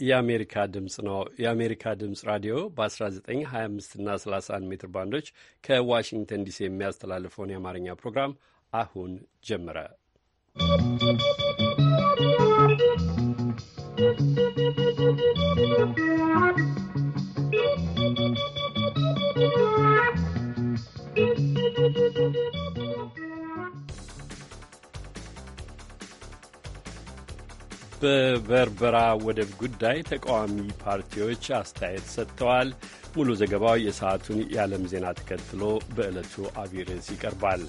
ይህ የአሜሪካ ድምፅ ነው። የአሜሪካ ድምፅ ራዲዮ በ1925 እና 31 ሜትር ባንዶች ከዋሽንግተን ዲሲ የሚያስተላልፈውን የአማርኛ ፕሮግራም አሁን ጀመረ። ¶¶ በበርበራ ወደብ ጉዳይ ተቃዋሚ ፓርቲዎች አስተያየት ሰጥተዋል። ሙሉ ዘገባው የሰዓቱን የዓለም ዜና ተከትሎ በዕለቱ አብይ ርዕስ ይቀርባል።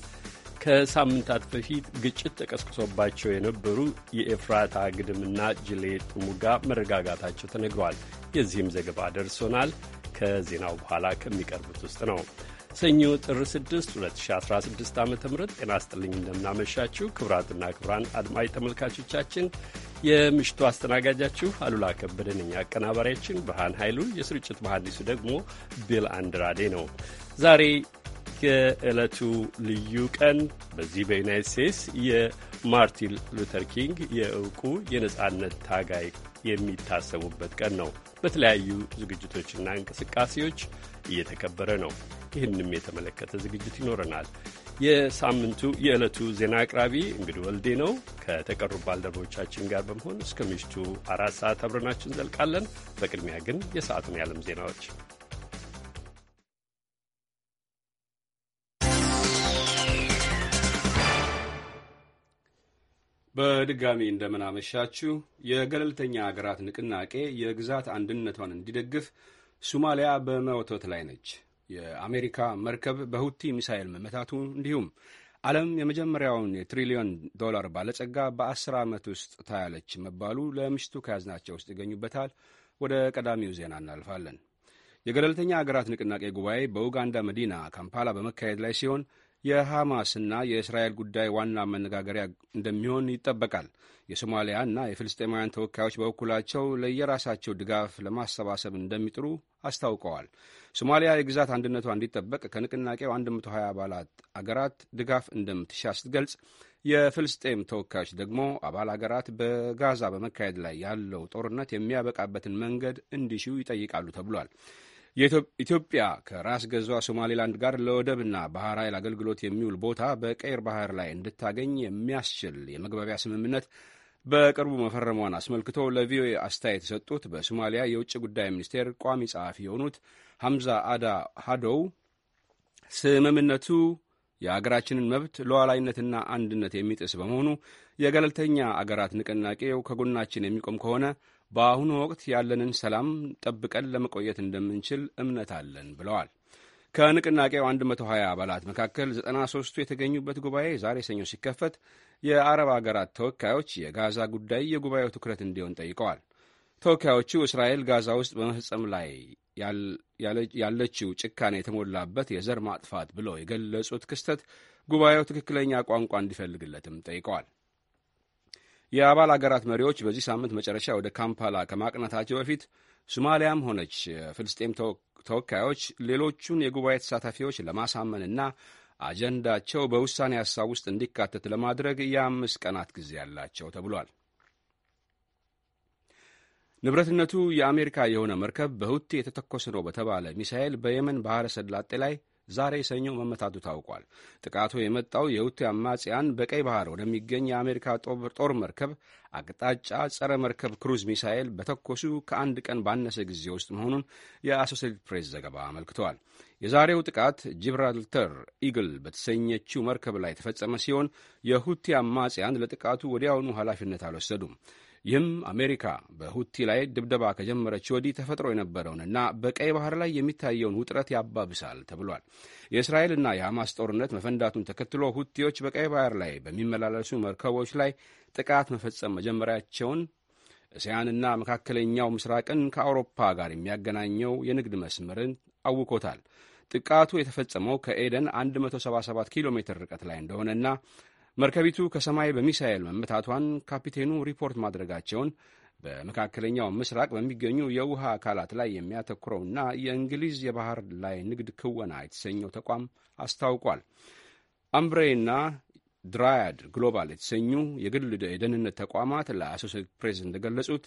ከሳምንታት በፊት ግጭት ተቀስቅሶባቸው የነበሩ የኤፍራታ ግድምና ጅሌ ጥሙጋ መረጋጋታቸው ተነግሯል። የዚህም ዘገባ ደርሶናል። ከዜናው በኋላ ከሚቀርቡት ውስጥ ነው። ሰኞ ጥር 6 2016 ዓ ም ጤና ስጥልኝ እንደምናመሻችሁ ክብራትና ክብራን አድማጭ ተመልካቾቻችን የምሽቱ አስተናጋጃችሁ አሉላ ከበደ ነኝ። አቀናባሪያችን ብርሃን ኃይሉ፣ የስርጭት መሐንዲሱ ደግሞ ቢል አንድራዴ ነው። ዛሬ የዕለቱ ልዩ ቀን በዚህ በዩናይት ስቴትስ የማርቲን ሉተር ኪንግ የእውቁ የነጻነት ታጋይ የሚታሰቡበት ቀን ነው። በተለያዩ ዝግጅቶችና እንቅስቃሴዎች እየተከበረ ነው። ይህንም የተመለከተ ዝግጅት ይኖረናል። የሳምንቱ የዕለቱ ዜና አቅራቢ እንግዲህ ወልዴ ነው። ከተቀሩ ባልደረቦቻችን ጋር በመሆን እስከ ምሽቱ አራት ሰዓት አብረናችን እንዘልቃለን። በቅድሚያ ግን የሰዓቱን የዓለም ዜናዎች በድጋሚ እንደምናመሻችሁ። የገለልተኛ አገራት ንቅናቄ የግዛት አንድነቷን እንዲደግፍ ሱማሊያ በመወትወት ላይ ነች። የአሜሪካ መርከብ በሁቲ ሚሳኤል መመታቱ እንዲሁም ዓለም የመጀመሪያውን የትሪሊዮን ዶላር ባለጸጋ በአስር ዓመት ውስጥ ታያለች መባሉ ለምሽቱ ከያዝናቸው ውስጥ ይገኙበታል። ወደ ቀዳሚው ዜና እናልፋለን። የገለልተኛ አገራት ንቅናቄ ጉባኤ በኡጋንዳ መዲና ካምፓላ በመካሄድ ላይ ሲሆን የሐማስና የእስራኤል ጉዳይ ዋና መነጋገሪያ እንደሚሆን ይጠበቃል። የሶማሊያና የፍልስጤማውያን ተወካዮች በበኩላቸው ለየራሳቸው ድጋፍ ለማሰባሰብ እንደሚጥሩ አስታውቀዋል። ሶማሊያ የግዛት አንድነቷ እንዲጠበቅ ከንቅናቄው 120 አባላት አገራት ድጋፍ እንደምትሻ ስትገልጽ፣ የፍልስጤም ተወካዮች ደግሞ አባል አገራት በጋዛ በመካሄድ ላይ ያለው ጦርነት የሚያበቃበትን መንገድ እንዲሽው ይጠይቃሉ ተብሏል። ኢትዮጵያ ከራስ ገዟ ሶማሌላንድ ጋር ለወደብና ባህር ኃይል አገልግሎት የሚውል ቦታ በቀይር ባህር ላይ እንድታገኝ የሚያስችል የመግባቢያ ስምምነት በቅርቡ መፈረሟን አስመልክቶ ለቪኦኤ አስተያየት የሰጡት በሶማሊያ የውጭ ጉዳይ ሚኒስቴር ቋሚ ጸሐፊ የሆኑት ሐምዛ አዳ ሃዶው ስምምነቱ የአገራችንን መብት ሉዓላዊነትና አንድነት የሚጥስ በመሆኑ የገለልተኛ አገራት ንቅናቄው ከጎናችን የሚቆም ከሆነ በአሁኑ ወቅት ያለንን ሰላም ጠብቀን ለመቆየት እንደምንችል እምነት አለን ብለዋል። ከንቅናቄው 120 አባላት መካከል 93ቱ የተገኙበት ጉባኤ ዛሬ ሰኞ ሲከፈት የአረብ አገራት ተወካዮች የጋዛ ጉዳይ የጉባኤው ትኩረት እንዲሆን ጠይቀዋል። ተወካዮቹ እስራኤል ጋዛ ውስጥ በመፈጸም ላይ ያለችው ጭካኔ የተሞላበት የዘር ማጥፋት ብለው የገለጹት ክስተት ጉባኤው ትክክለኛ ቋንቋ እንዲፈልግለትም ጠይቀዋል። የአባል አገራት መሪዎች በዚህ ሳምንት መጨረሻ ወደ ካምፓላ ከማቅናታቸው በፊት ሶማሊያም ሆነች ፍልስጤም ተወካዮች ሌሎቹን የጉባኤ ተሳታፊዎች ለማሳመንና አጀንዳቸው በውሳኔ ሀሳብ ውስጥ እንዲካተት ለማድረግ የአምስት ቀናት ጊዜ ያላቸው ተብሏል። ንብረትነቱ የአሜሪካ የሆነ መርከብ በሁቲ የተተኮሰ ነው በተባለ ሚሳኤል በየመን ባህረ ሰላጤ ላይ ዛሬ ሰኞ መመታቱ ታውቋል። ጥቃቱ የመጣው የሁቲ አማጽያን በቀይ ባህር ወደሚገኝ የአሜሪካ ጦር መርከብ አቅጣጫ ጸረ መርከብ ክሩዝ ሚሳኤል በተኮሱ ከአንድ ቀን ባነሰ ጊዜ ውስጥ መሆኑን የአሶሴትድ ፕሬስ ዘገባ አመልክተዋል። የዛሬው ጥቃት ጂብራልተር ኢግል በተሰኘችው መርከብ ላይ የተፈጸመ ሲሆን የሁቲ አማጽያን ለጥቃቱ ወዲያውኑ ኃላፊነት አልወሰዱም። ይህም አሜሪካ በሁቲ ላይ ድብደባ ከጀመረች ወዲህ ተፈጥሮ የነበረውንና በቀይ ባህር ላይ የሚታየውን ውጥረት ያባብሳል ተብሏል። የእስራኤልና የሐማስ ጦርነት መፈንዳቱን ተከትሎ ሁቲዎች በቀይ ባህር ላይ በሚመላለሱ መርከቦች ላይ ጥቃት መፈጸም መጀመሪያቸውን እስያንና መካከለኛው ምስራቅን ከአውሮፓ ጋር የሚያገናኘው የንግድ መስመርን አውቆታል። ጥቃቱ የተፈጸመው ከኤደን 177 ኪሎ ሜትር ርቀት ላይ እንደሆነና መርከቢቱ ከሰማይ በሚሳኤል መመታቷን ካፒቴኑ ሪፖርት ማድረጋቸውን በመካከለኛው ምስራቅ በሚገኙ የውሃ አካላት ላይ የሚያተኩረውና የእንግሊዝ የባህር ላይ ንግድ ክወና የተሰኘው ተቋም አስታውቋል። አምብሬና ድራያድ ግሎባል የተሰኙ የግል የደህንነት ተቋማት ለአሶሴት ፕሬስ እንደገለጹት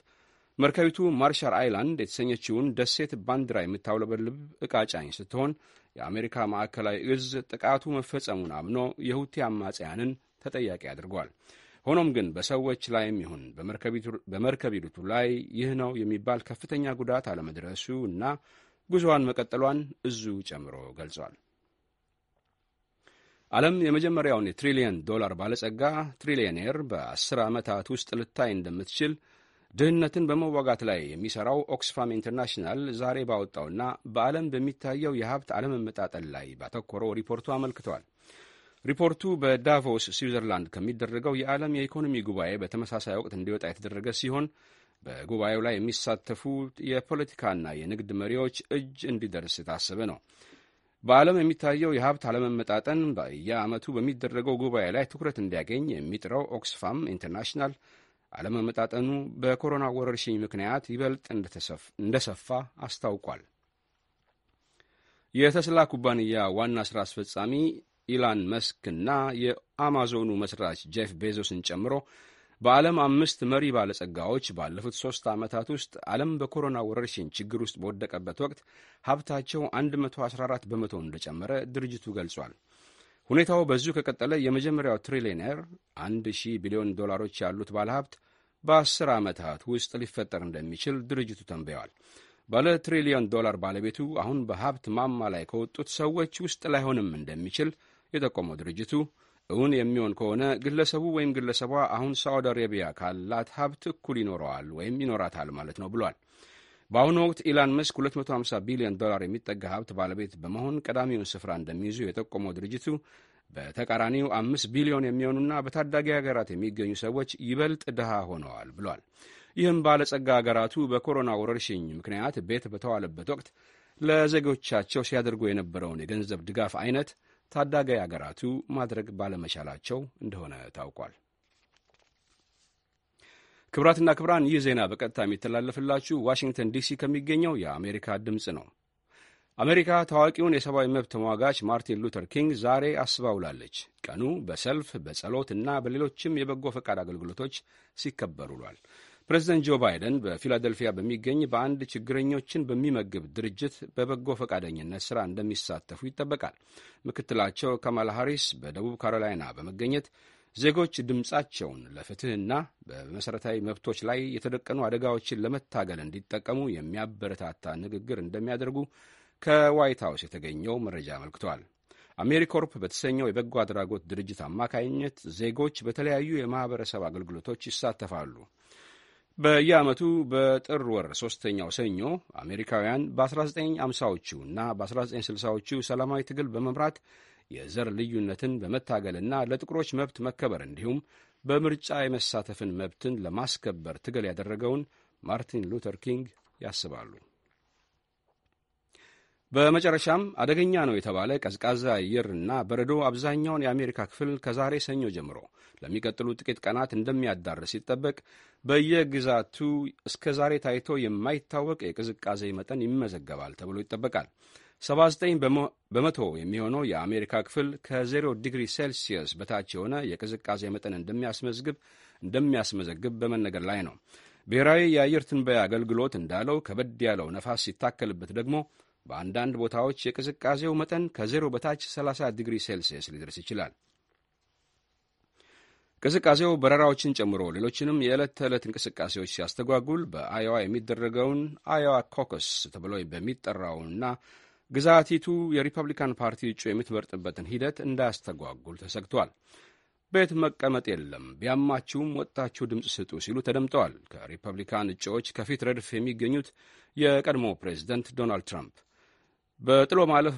መርከቢቱ ማርሻል አይላንድ የተሰኘችውን ደሴት ባንዲራ የምታውለበልብ እቃ ጫኝ ስትሆን የአሜሪካ ማዕከላዊ እዝ ጥቃቱ መፈጸሙን አምኖ የሁቲ አማጽያንን ተጠያቂ አድርጓል። ሆኖም ግን በሰዎች ላይም ይሁን በመርከቢቱ ላይ ይህ ነው የሚባል ከፍተኛ ጉዳት አለመድረሱ እና ጉዞዋን መቀጠሏን እዙ ጨምሮ ገልጿል። ዓለም የመጀመሪያውን የትሪሊየን ዶላር ባለጸጋ ትሪሊየኔር በአስር ዓመታት ውስጥ ልታይ እንደምትችል ድህነትን በመዋጋት ላይ የሚሠራው ኦክስፋም ኢንተርናሽናል ዛሬ ባወጣውና በዓለም በሚታየው የሀብት አለመመጣጠን ላይ ባተኮረው ሪፖርቱ አመልክቷል። ሪፖርቱ በዳቮስ ስዊዘርላንድ ከሚደረገው የዓለም የኢኮኖሚ ጉባኤ በተመሳሳይ ወቅት እንዲወጣ የተደረገ ሲሆን በጉባኤው ላይ የሚሳተፉ የፖለቲካና የንግድ መሪዎች እጅ እንዲደርስ የታሰበ ነው። በዓለም የሚታየው የሀብት አለመመጣጠን በየዓመቱ በሚደረገው ጉባኤ ላይ ትኩረት እንዲያገኝ የሚጥረው ኦክስፋም ኢንተርናሽናል አለመመጣጠኑ በኮሮና ወረርሽኝ ምክንያት ይበልጥ እንደሰፋ አስታውቋል። የተስላ ኩባንያ ዋና ሥራ አስፈጻሚ ኢላን መስክ እና የአማዞኑ መስራች ጄፍ ቤዞስን ጨምሮ በዓለም አምስት መሪ ባለጸጋዎች ባለፉት ሦስት ዓመታት ውስጥ ዓለም በኮሮና ወረርሽኝ ችግር ውስጥ በወደቀበት ወቅት ሀብታቸው 114 በመቶ እንደጨመረ ድርጅቱ ገልጿል። ሁኔታው በዚሁ ከቀጠለ የመጀመሪያው ትሪሊዮነር አንድ ሺህ ቢሊዮን ዶላሮች ያሉት ባለሀብት በአስር ዓመታት ውስጥ ሊፈጠር እንደሚችል ድርጅቱ ተንብየዋል። ባለ ትሪሊዮን ዶላር ባለቤቱ አሁን በሀብት ማማ ላይ ከወጡት ሰዎች ውስጥ ላይሆንም እንደሚችል የጠቆመው ድርጅቱ እውን የሚሆን ከሆነ ግለሰቡ ወይም ግለሰቧ አሁን ሳውዲ አረቢያ ካላት ሀብት እኩል ይኖረዋል ወይም ይኖራታል ማለት ነው ብሏል። በአሁኑ ወቅት ኢላን መስክ 250 ቢሊዮን ዶላር የሚጠጋ ሀብት ባለቤት በመሆን ቀዳሚውን ስፍራ እንደሚይዙ የጠቆመው ድርጅቱ በተቃራኒው አምስት ቢሊዮን የሚሆኑና በታዳጊ ሀገራት የሚገኙ ሰዎች ይበልጥ ድሃ ሆነዋል ብሏል። ይህም ባለጸጋ ሀገራቱ በኮሮና ወረርሽኝ ምክንያት ቤት በተዋለበት ወቅት ለዜጎቻቸው ሲያደርጉ የነበረውን የገንዘብ ድጋፍ አይነት ታዳጊ ሀገራቱ ማድረግ ባለመቻላቸው እንደሆነ ታውቋል። ክብራትና ክብራን ይህ ዜና በቀጥታ የሚተላለፍላችሁ ዋሽንግተን ዲሲ ከሚገኘው የአሜሪካ ድምፅ ነው። አሜሪካ ታዋቂውን የሰብአዊ መብት ተሟጋች ማርቲን ሉተር ኪንግ ዛሬ አስባውላለች። ቀኑ በሰልፍ በጸሎት እና በሌሎችም የበጎ ፈቃድ አገልግሎቶች ሲከበር ውሏል። ፕሬዚደንት ጆ ባይደን በፊላደልፊያ በሚገኝ በአንድ ችግረኞችን በሚመግብ ድርጅት በበጎ ፈቃደኝነት ሥራ እንደሚሳተፉ ይጠበቃል። ምክትላቸው ካማላ ሃሪስ በደቡብ ካሮላይና በመገኘት ዜጎች ድምፃቸውን ለፍትህና በመሠረታዊ መብቶች ላይ የተደቀኑ አደጋዎችን ለመታገል እንዲጠቀሙ የሚያበረታታ ንግግር እንደሚያደርጉ ከዋይት ሀውስ የተገኘው መረጃ አመልክቷል። አሜሪኮርፕ በተሰኘው የበጎ አድራጎት ድርጅት አማካኝነት ዜጎች በተለያዩ የማኅበረሰብ አገልግሎቶች ይሳተፋሉ። በየዓመቱ በጥር ወር ሦስተኛው ሰኞ አሜሪካውያን በ1950ዎቹ እና በ1960ዎቹ ሰላማዊ ትግል በመምራት የዘር ልዩነትን በመታገልና ለጥቁሮች መብት መከበር እንዲሁም በምርጫ የመሳተፍን መብትን ለማስከበር ትግል ያደረገውን ማርቲን ሉተር ኪንግ ያስባሉ። በመጨረሻም አደገኛ ነው የተባለ ቀዝቃዛ አየርና በረዶ አብዛኛውን የአሜሪካ ክፍል ከዛሬ ሰኞ ጀምሮ ለሚቀጥሉ ጥቂት ቀናት እንደሚያዳርስ ሲጠበቅ በየግዛቱ እስከ ዛሬ ታይቶ የማይታወቅ የቅዝቃዜ መጠን ይመዘገባል ተብሎ ይጠበቃል። 79 በመቶ የሚሆነው የአሜሪካ ክፍል ከ0 ዲግሪ ሴልሲየስ በታች የሆነ የቅዝቃዜ መጠን እንደሚያስመዝግብ እንደሚያስመዘግብ በመነገር ላይ ነው። ብሔራዊ የአየር ትንበያ አገልግሎት እንዳለው ከበድ ያለው ነፋስ ሲታከልበት ደግሞ በአንዳንድ ቦታዎች የቅዝቃዜው መጠን ከዜሮ በታች 30 ዲግሪ ሴልሲየስ ሊደርስ ይችላል። ቅዝቃዜው በረራዎችን ጨምሮ ሌሎችንም የዕለት ተዕለት እንቅስቃሴዎች ሲያስተጓጉል በአዮዋ የሚደረገውን አዮዋ ኮከስ ተብሎ በሚጠራውና ግዛቲቱ የሪፐብሊካን ፓርቲ እጩ የምትመርጥበትን ሂደት እንዳያስተጓጉል ተሰግቷል። ቤት መቀመጥ የለም፣ ቢያማችሁም ወጥታችሁ ድምፅ ስጡ ሲሉ ተደምጠዋል። ከሪፐብሊካን እጩዎች ከፊት ረድፍ የሚገኙት የቀድሞ ፕሬዚደንት ዶናልድ ትራምፕ በጥሎ ማለፍ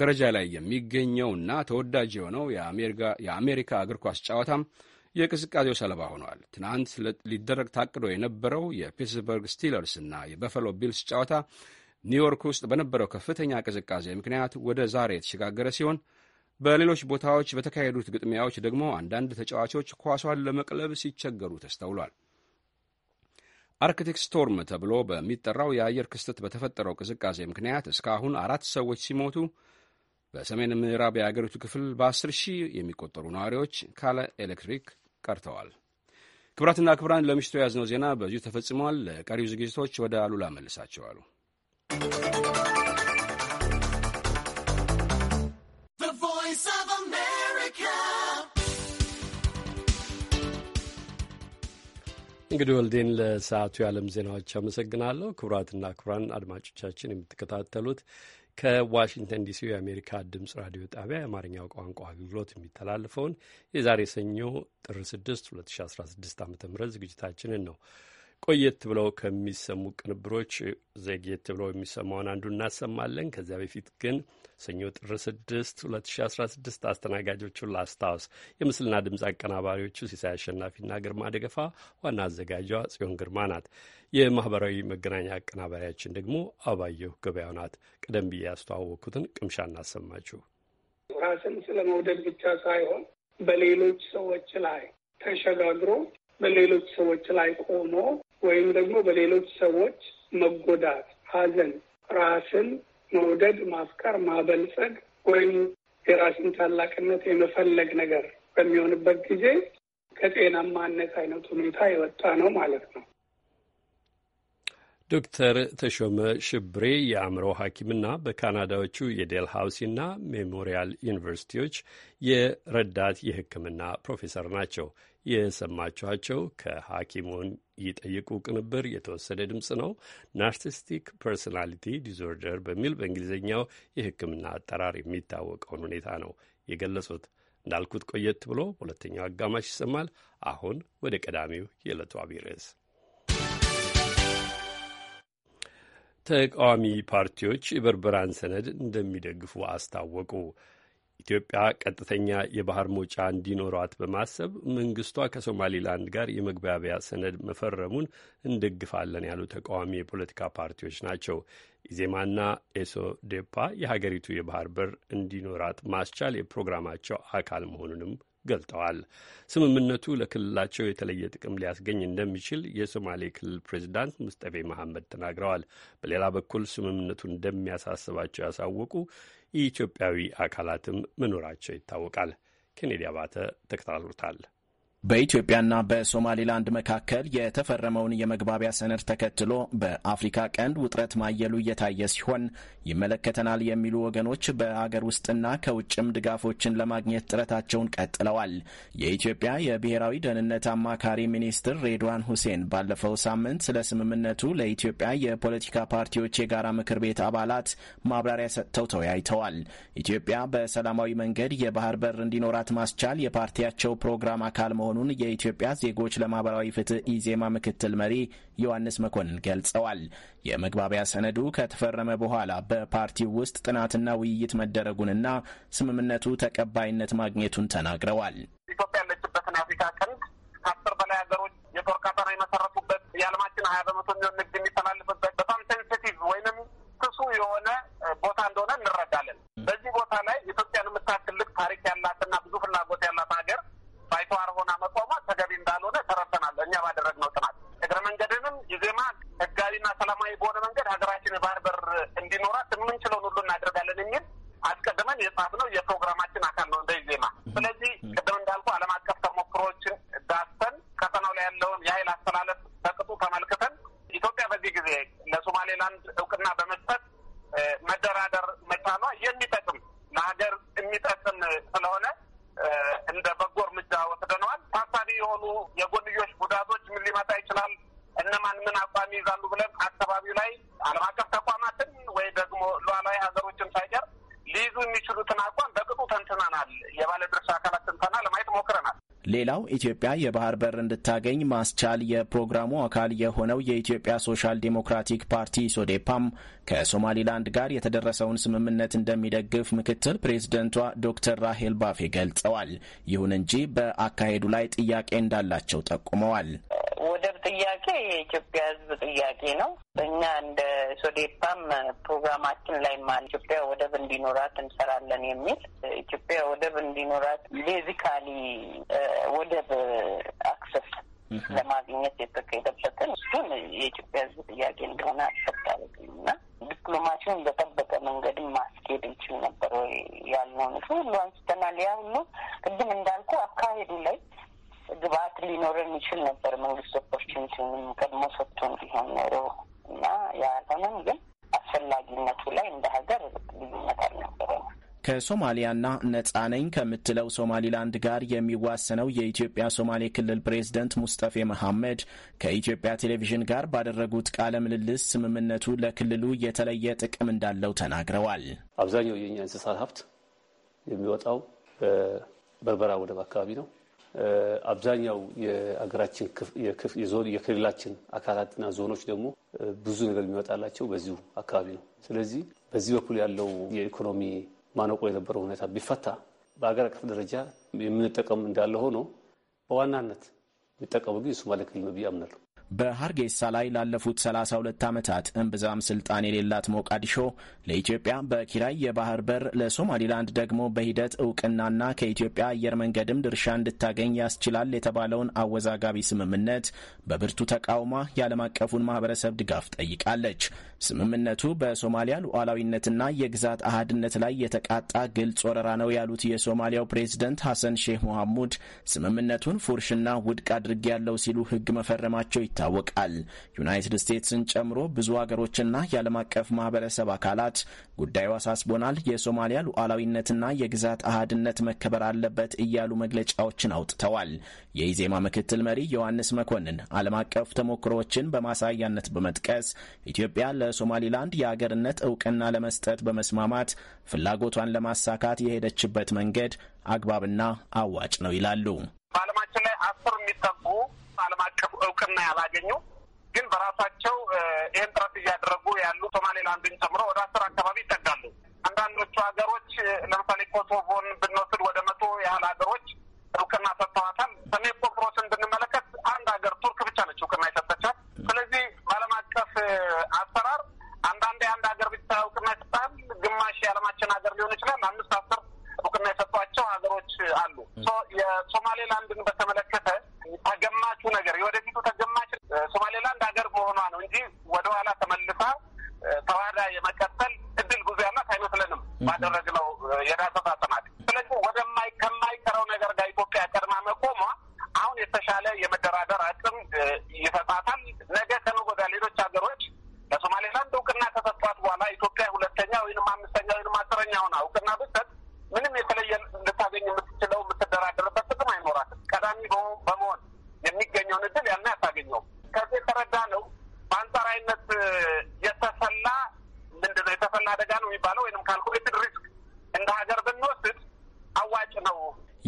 ደረጃ ላይ የሚገኘውና ተወዳጅ የሆነው የአሜሪካ እግር ኳስ ጨዋታም የቅዝቃዜው ሰለባ ሆኗል። ትናንት ሊደረግ ታቅዶ የነበረው የፒትስበርግ ስቲለርስ እና የበፈሎ ቢልስ ጨዋታ ኒውዮርክ ውስጥ በነበረው ከፍተኛ ቅዝቃዜ ምክንያት ወደ ዛሬ የተሸጋገረ ሲሆን በሌሎች ቦታዎች በተካሄዱት ግጥሚያዎች ደግሞ አንዳንድ ተጫዋቾች ኳሷን ለመቅለብ ሲቸገሩ ተስተውሏል። አርክቲክ ስቶርም ተብሎ በሚጠራው የአየር ክስተት በተፈጠረው ቅዝቃዜ ምክንያት እስካሁን አራት ሰዎች ሲሞቱ በሰሜን ምዕራብ የአገሪቱ ክፍል በ10 ሺህ የሚቆጠሩ ነዋሪዎች ካለ ኤሌክትሪክ ቀርተዋል። ክቡራትና ክቡራን ለምሽቱ የያዝነው ዜና በዚሁ ተፈጽመዋል ለቀሪው ዝግጅቶች ወደ አሉላ መልሳቸዋሉ። እንግዲህ ወልዴን ለሰዓቱ የዓለም ዜናዎች አመሰግናለሁ። ክቡራትና ክቡራን አድማጮቻችን የምትከታተሉት ከዋሽንግተን ዲሲ የአሜሪካ ድምፅ ራዲዮ ጣቢያ የአማርኛው ቋንቋ አገልግሎት የሚተላለፈውን የዛሬ ሰኞ ጥር 6 2016 ዓ ም ዝግጅታችንን ነው። ቆየት ብለው ከሚሰሙ ቅንብሮች ዘግየት ብለው የሚሰማውን አንዱ እናሰማለን። ከዚያ በፊት ግን ሰኞ ጥር 6 2016 አስተናጋጆቹን ላስታውስ። የምስልና ድምፅ አቀናባሪዎቹ ሲሳይ አሸናፊና ግርማ ደገፋ፣ ዋና አዘጋጇ ጽዮን ግርማ ናት። የማኅበራዊ መገናኛ አቀናባሪያችን ደግሞ አባየሁ ገበያው ናት። ቀደም ብዬ ያስተዋወቅኩትን ቅምሻ እናሰማችሁ። ራስን ስለ መውደድ ብቻ ሳይሆን በሌሎች ሰዎች ላይ ተሸጋግሮ በሌሎች ሰዎች ላይ ቆሞ ወይም ደግሞ በሌሎች ሰዎች መጎዳት፣ ሐዘን፣ ራስን መውደድ፣ ማፍቀር፣ ማበልጸግ ወይም የራስን ታላቅነት የመፈለግ ነገር በሚሆንበት ጊዜ ከጤናማነት አይነት ሁኔታ የወጣ ነው ማለት ነው። ዶክተር ተሾመ ሽብሬ የአእምሮ ሐኪምና በካናዳዎቹ ና ሜሞሪያል ዩኒቨርሲቲዎች የረዳት የሕክምና ፕሮፌሰር ናቸው። የሰማችኋቸው ከሐኪሙን ይጠይቁ ቅንብር የተወሰደ ድምፅ ነው። ናርሲስቲክ ፐርሶናሊቲ ዲዞርደር በሚል በእንግሊዝኛው የሕክምና አጠራር የሚታወቀውን ሁኔታ ነው የገለጹት። እንዳልኩት ቆየት ብሎ ሁለተኛው አጋማሽ ይሰማል። አሁን ወደ ቀዳሚው የዕለቱ አብይ ርዕስ ተቃዋሚ ፓርቲዎች የበርበራን ሰነድ እንደሚደግፉ አስታወቁ። ኢትዮጵያ ቀጥተኛ የባህር መውጫ እንዲኖሯት በማሰብ መንግስቷ ከሶማሌላንድ ጋር የመግባቢያ ሰነድ መፈረሙን እንደግፋለን ያሉ ተቃዋሚ የፖለቲካ ፓርቲዎች ናቸው። ኢዜማና ኤሶዴፓ የሀገሪቱ የባህር በር እንዲኖራት ማስቻል የፕሮግራማቸው አካል መሆኑንም ገልጠዋል። ስምምነቱ ለክልላቸው የተለየ ጥቅም ሊያስገኝ እንደሚችል የሶማሌ ክልል ፕሬዚዳንት ሙስጠፌ መሐመድ ተናግረዋል። በሌላ በኩል ስምምነቱ እንደሚያሳስባቸው ያሳወቁ የኢትዮጵያዊ አካላትም መኖራቸው ይታወቃል። ኬኔዲ አባተ ተከታትሎታል። በኢትዮጵያና በሶማሌላንድ መካከል የተፈረመውን የመግባቢያ ሰነድ ተከትሎ በአፍሪካ ቀንድ ውጥረት ማየሉ እየታየ ሲሆን ይመለከተናል የሚሉ ወገኖች በአገር ውስጥና ከውጭም ድጋፎችን ለማግኘት ጥረታቸውን ቀጥለዋል። የኢትዮጵያ የብሔራዊ ደህንነት አማካሪ ሚኒስትር ሬድዋን ሁሴን ባለፈው ሳምንት ስለ ስምምነቱ ለኢትዮጵያ የፖለቲካ ፓርቲዎች የጋራ ምክር ቤት አባላት ማብራሪያ ሰጥተው ተወያይተዋል። ኢትዮጵያ በሰላማዊ መንገድ የባህር በር እንዲኖራት ማስቻል የፓርቲያቸው ፕሮግራም አካል መሆ መሆኑን የኢትዮጵያ ዜጎች ለማህበራዊ ፍትህ ኢዜማ ምክትል መሪ ዮሐንስ መኮንን ገልጸዋል። የመግባቢያ ሰነዱ ከተፈረመ በኋላ በፓርቲው ውስጥ ጥናትና ውይይት መደረጉንና ስምምነቱ ተቀባይነት ማግኘቱን ተናግረዋል። ኢትዮጵያ ያለችበትን አፍሪካ ቀንድ ከአስር በላይ ሀገሮች የጦር ቀጠና የመሰረቱበት የዓለማችን ሀያ በመቶ የሚሆን ንግድ የሚተላልፍበት በጣም ሴንሲቲቭ ወይንም ክሱ የሆነ ቦታ እንደሆነ እንረዳለን። በዚህ ቦታ ላይ ኢትዮጵያን የምታክል ትልቅ ታሪክ ያላትና ብዙ ፍላጎት ያላት ሀገር አይቶ ሆና መቋሟ ተገቢ እንዳልሆነ ተረድተናል። እኛ ባደረግነው ጥናት እግረ መንገድንም ኢዜማ ህጋዊና ሰላማዊ በሆነ መንገድ ሀገራችን የባህር በር እንዲኖራት የምንችለውን ሁሉ እናደርጋለን የሚል አስቀድመን የጻፍ ነው የፕሮግራማችን አካል ነው እንደ ኢዜማ። ስለዚህ ቅድም እንዳልኩ ዓለም አቀፍ ተሞክሮዎችን ዳሰን ቀጠናው ላይ ያለውን የኃይል አስተላለፍ በቅጡ ተመልክተን ኢትዮጵያ በዚህ ጊዜ ለሶማሌላንድ እውቅና በመስጠት መደራደር መቻሏ የሚጠቅም ለሀገር የሚጠቅም ስለሆነ እንደ በጎ እርምጃ ወስደነዋል። ታሳቢ የሆኑ የጎንዮሽ ጉዳቶች ምን ሊመጣ ይችላል፣ እነማን ምን አቋም ይዛሉ ብለን አካባቢው ላይ ዓለም አቀፍ ተቋማትን ወይ ደግሞ ሉዓላዊ ሀገሮችን ሳይቀር ሊይዙ የሚችሉትን አቋም በቅጡ ተንትናናል። የባለድርሻ አካላት ትንተና ለማየት ሞክረናል። ሌላው ኢትዮጵያ የባህር በር እንድታገኝ ማስቻል የፕሮግራሙ አካል የሆነው የኢትዮጵያ ሶሻል ዴሞክራቲክ ፓርቲ ሶዴፓም ከሶማሊላንድ ጋር የተደረሰውን ስምምነት እንደሚደግፍ ምክትል ፕሬዝደንቷ ዶክተር ራሄል ባፌ ገልጸዋል። ይሁን እንጂ በአካሄዱ ላይ ጥያቄ እንዳላቸው ጠቁመዋል። ወደብ ጥያቄ የኢትዮጵያ ሕዝብ ጥያቄ ነው። እኛ እንደ ሶዴፓም ፕሮግራማችን ላይ ኢትዮጵያ ወደብ እንዲኖራት እንሰራለን የሚል ኢትዮጵያ ወደብ እንዲኖራት ቤዚካሊ ወደብ አክሰስ ለማግኘት የተካሄደበትን እሱን የኢትዮጵያ ሕዝብ ጥያቄ እንደሆነ አልፈታለግም እና ዲፕሎማሲውን በጠበቀ መንገድም ማስኬድ እንችል ነበር ያልነውን ሁሉ አንስተናል። ያ ሁሉ ቅድም እንዳልኩ አካሄዱ ላይ ግብአት ሊኖረን ይችል ነበር። መንግስት ኦፖርቹኒቲውንም ቀድሞ ሰጥቶን ቢሆን ኖሮ እና ያልሆነም ግን አስፈላጊነቱ ላይ እንደ ሀገር ልዩነት አልነበረም። ከሶማሊያና ነጻ ነኝ ከምትለው ሶማሊላንድ ጋር የሚዋሰነው የኢትዮጵያ ሶማሌ ክልል ፕሬዝደንት ሙስጠፌ መሐመድ ከኢትዮጵያ ቴሌቪዥን ጋር ባደረጉት ቃለ ምልልስ ስምምነቱ ለክልሉ የተለየ ጥቅም እንዳለው ተናግረዋል። አብዛኛው የኛ እንስሳት ሀብት የሚወጣው በበርበራ ወደብ አካባቢ ነው። አብዛኛው የአገራችን የክልላችን አካላትና ዞኖች ደግሞ ብዙ ነገር የሚመጣላቸው በዚሁ አካባቢ ነው። ስለዚህ በዚህ በኩል ያለው የኢኮኖሚ ማነቆ የነበረው ሁኔታ ቢፈታ በአገር አቀፍ ደረጃ የምንጠቀም እንዳለ ሆኖ በዋናነት የሚጠቀሙ ግን የሶማሌ ክልል ነው ብዬ አምናለሁ። በሀርጌሳ ላይ ላለፉት 32 ዓመታት እምብዛም ስልጣን የሌላት ሞቃዲሾ ለኢትዮጵያ በኪራይ የባህር በር ለሶማሊላንድ ደግሞ በሂደት እውቅናና ከኢትዮጵያ አየር መንገድም ድርሻ እንድታገኝ ያስችላል የተባለውን አወዛጋቢ ስምምነት በብርቱ ተቃውማ የዓለም አቀፉን ማህበረሰብ ድጋፍ ጠይቃለች። ስምምነቱ በሶማሊያ ሉዓላዊነትና የግዛት አህድነት ላይ የተቃጣ ግልጽ ወረራ ነው ያሉት የሶማሊያው ፕሬዚደንት ሐሰን ሼህ ሞሐሙድ ስምምነቱን ፉርሽና ውድቅ አድርጌ ያለው ሲሉ ህግ መፈረማቸው ይታል ይታወቃል። ዩናይትድ ስቴትስን ጨምሮ ብዙ ሀገሮችና የዓለም አቀፍ ማህበረሰብ አካላት ጉዳዩ አሳስቦናል፣ የሶማሊያ ሉዓላዊነትና የግዛት አህድነት መከበር አለበት እያሉ መግለጫዎችን አውጥተዋል። የኢዜማ ምክትል መሪ ዮሐንስ መኮንን ዓለም አቀፍ ተሞክሮዎችን በማሳያነት በመጥቀስ ኢትዮጵያ ለሶማሊላንድ የአገርነት እውቅና ለመስጠት በመስማማት ፍላጎቷን ለማሳካት የሄደችበት መንገድ አግባብና አዋጭ ነው ይላሉ። በዓለማችን ላይ አስር የሚጠጉ ዓለም አቀፍ እውቅና ያላገኙ ግን በራሳቸው ይህን ጥረት እያደረጉ ያሉ ሶማሌላንድን ጨምሮ ወደ አስር አካባቢ ይጠጋሉ። አንዳንዶቹ ሀገሮች ለምሳሌ ኮሶቮን ብንወስድ ወደ መቶ ያህል ሀገሮች እውቅና ሰጥተዋታል። ሰሜን ቆጵሮስን ብንመለከት አንድ ሀገር ቱርክ ብቻ ነች እውቅና የሰጠቻት። ስለዚህ በዓለም አቀፍ አሰራር አንዳንዴ አንድ ሀገር ብቻ እውቅና ይሰጣል። ግማሽ የዓለማችን ሀገር ሊሆን ይችላል አምስት አስር እውቅና የሰጧቸው ሀገሮች አሉ። የሶማሌላንድን በተመለከተ ተገማቹ ነገር የወደፊቱ ተገማች ሶማሌላንድ ሀገር መሆኗ ነው እንጂ ወደኋላ ተመልሳ ተዋህዳ የመቀጠል እድል ጉዞ ያላት አይመስለንም ባደረግነው የዳሰሳ ጥናት። ስለዚህ ወደማይ ከማይቀረው ነገር ጋር ኢትዮጵያ ቀድማ መቆሟ አሁን የተሻለ የመደራደር አቅም ይሰጣታል። ነገ ከነገ ወዲያ ሌሎች ሀገሮች ለሶማሌላንድ እውቅና ከሰጧት በኋላ ኢትዮጵያ ሁለተኛ ወይንም አምስተኛ ወይንም አስረኛውን እውቅና ብትሰጥ ምንም የተለየ ልታገኝ የምትችለው የምትደራደርበት ጥቅም አይኖራትም። ቀዳሚ በመሆን የሚገኘውን እድል ያን አታገኘውም። ከዚህ የተረዳ ነው በአንጻራዊነት የተሰላ ምንድን ነው የተሰላ አደጋ ነው የሚባለው ወይም ካልኩሌትድ ሪስክ እንደ ሀገር ብንወስድ አዋጭ ነው።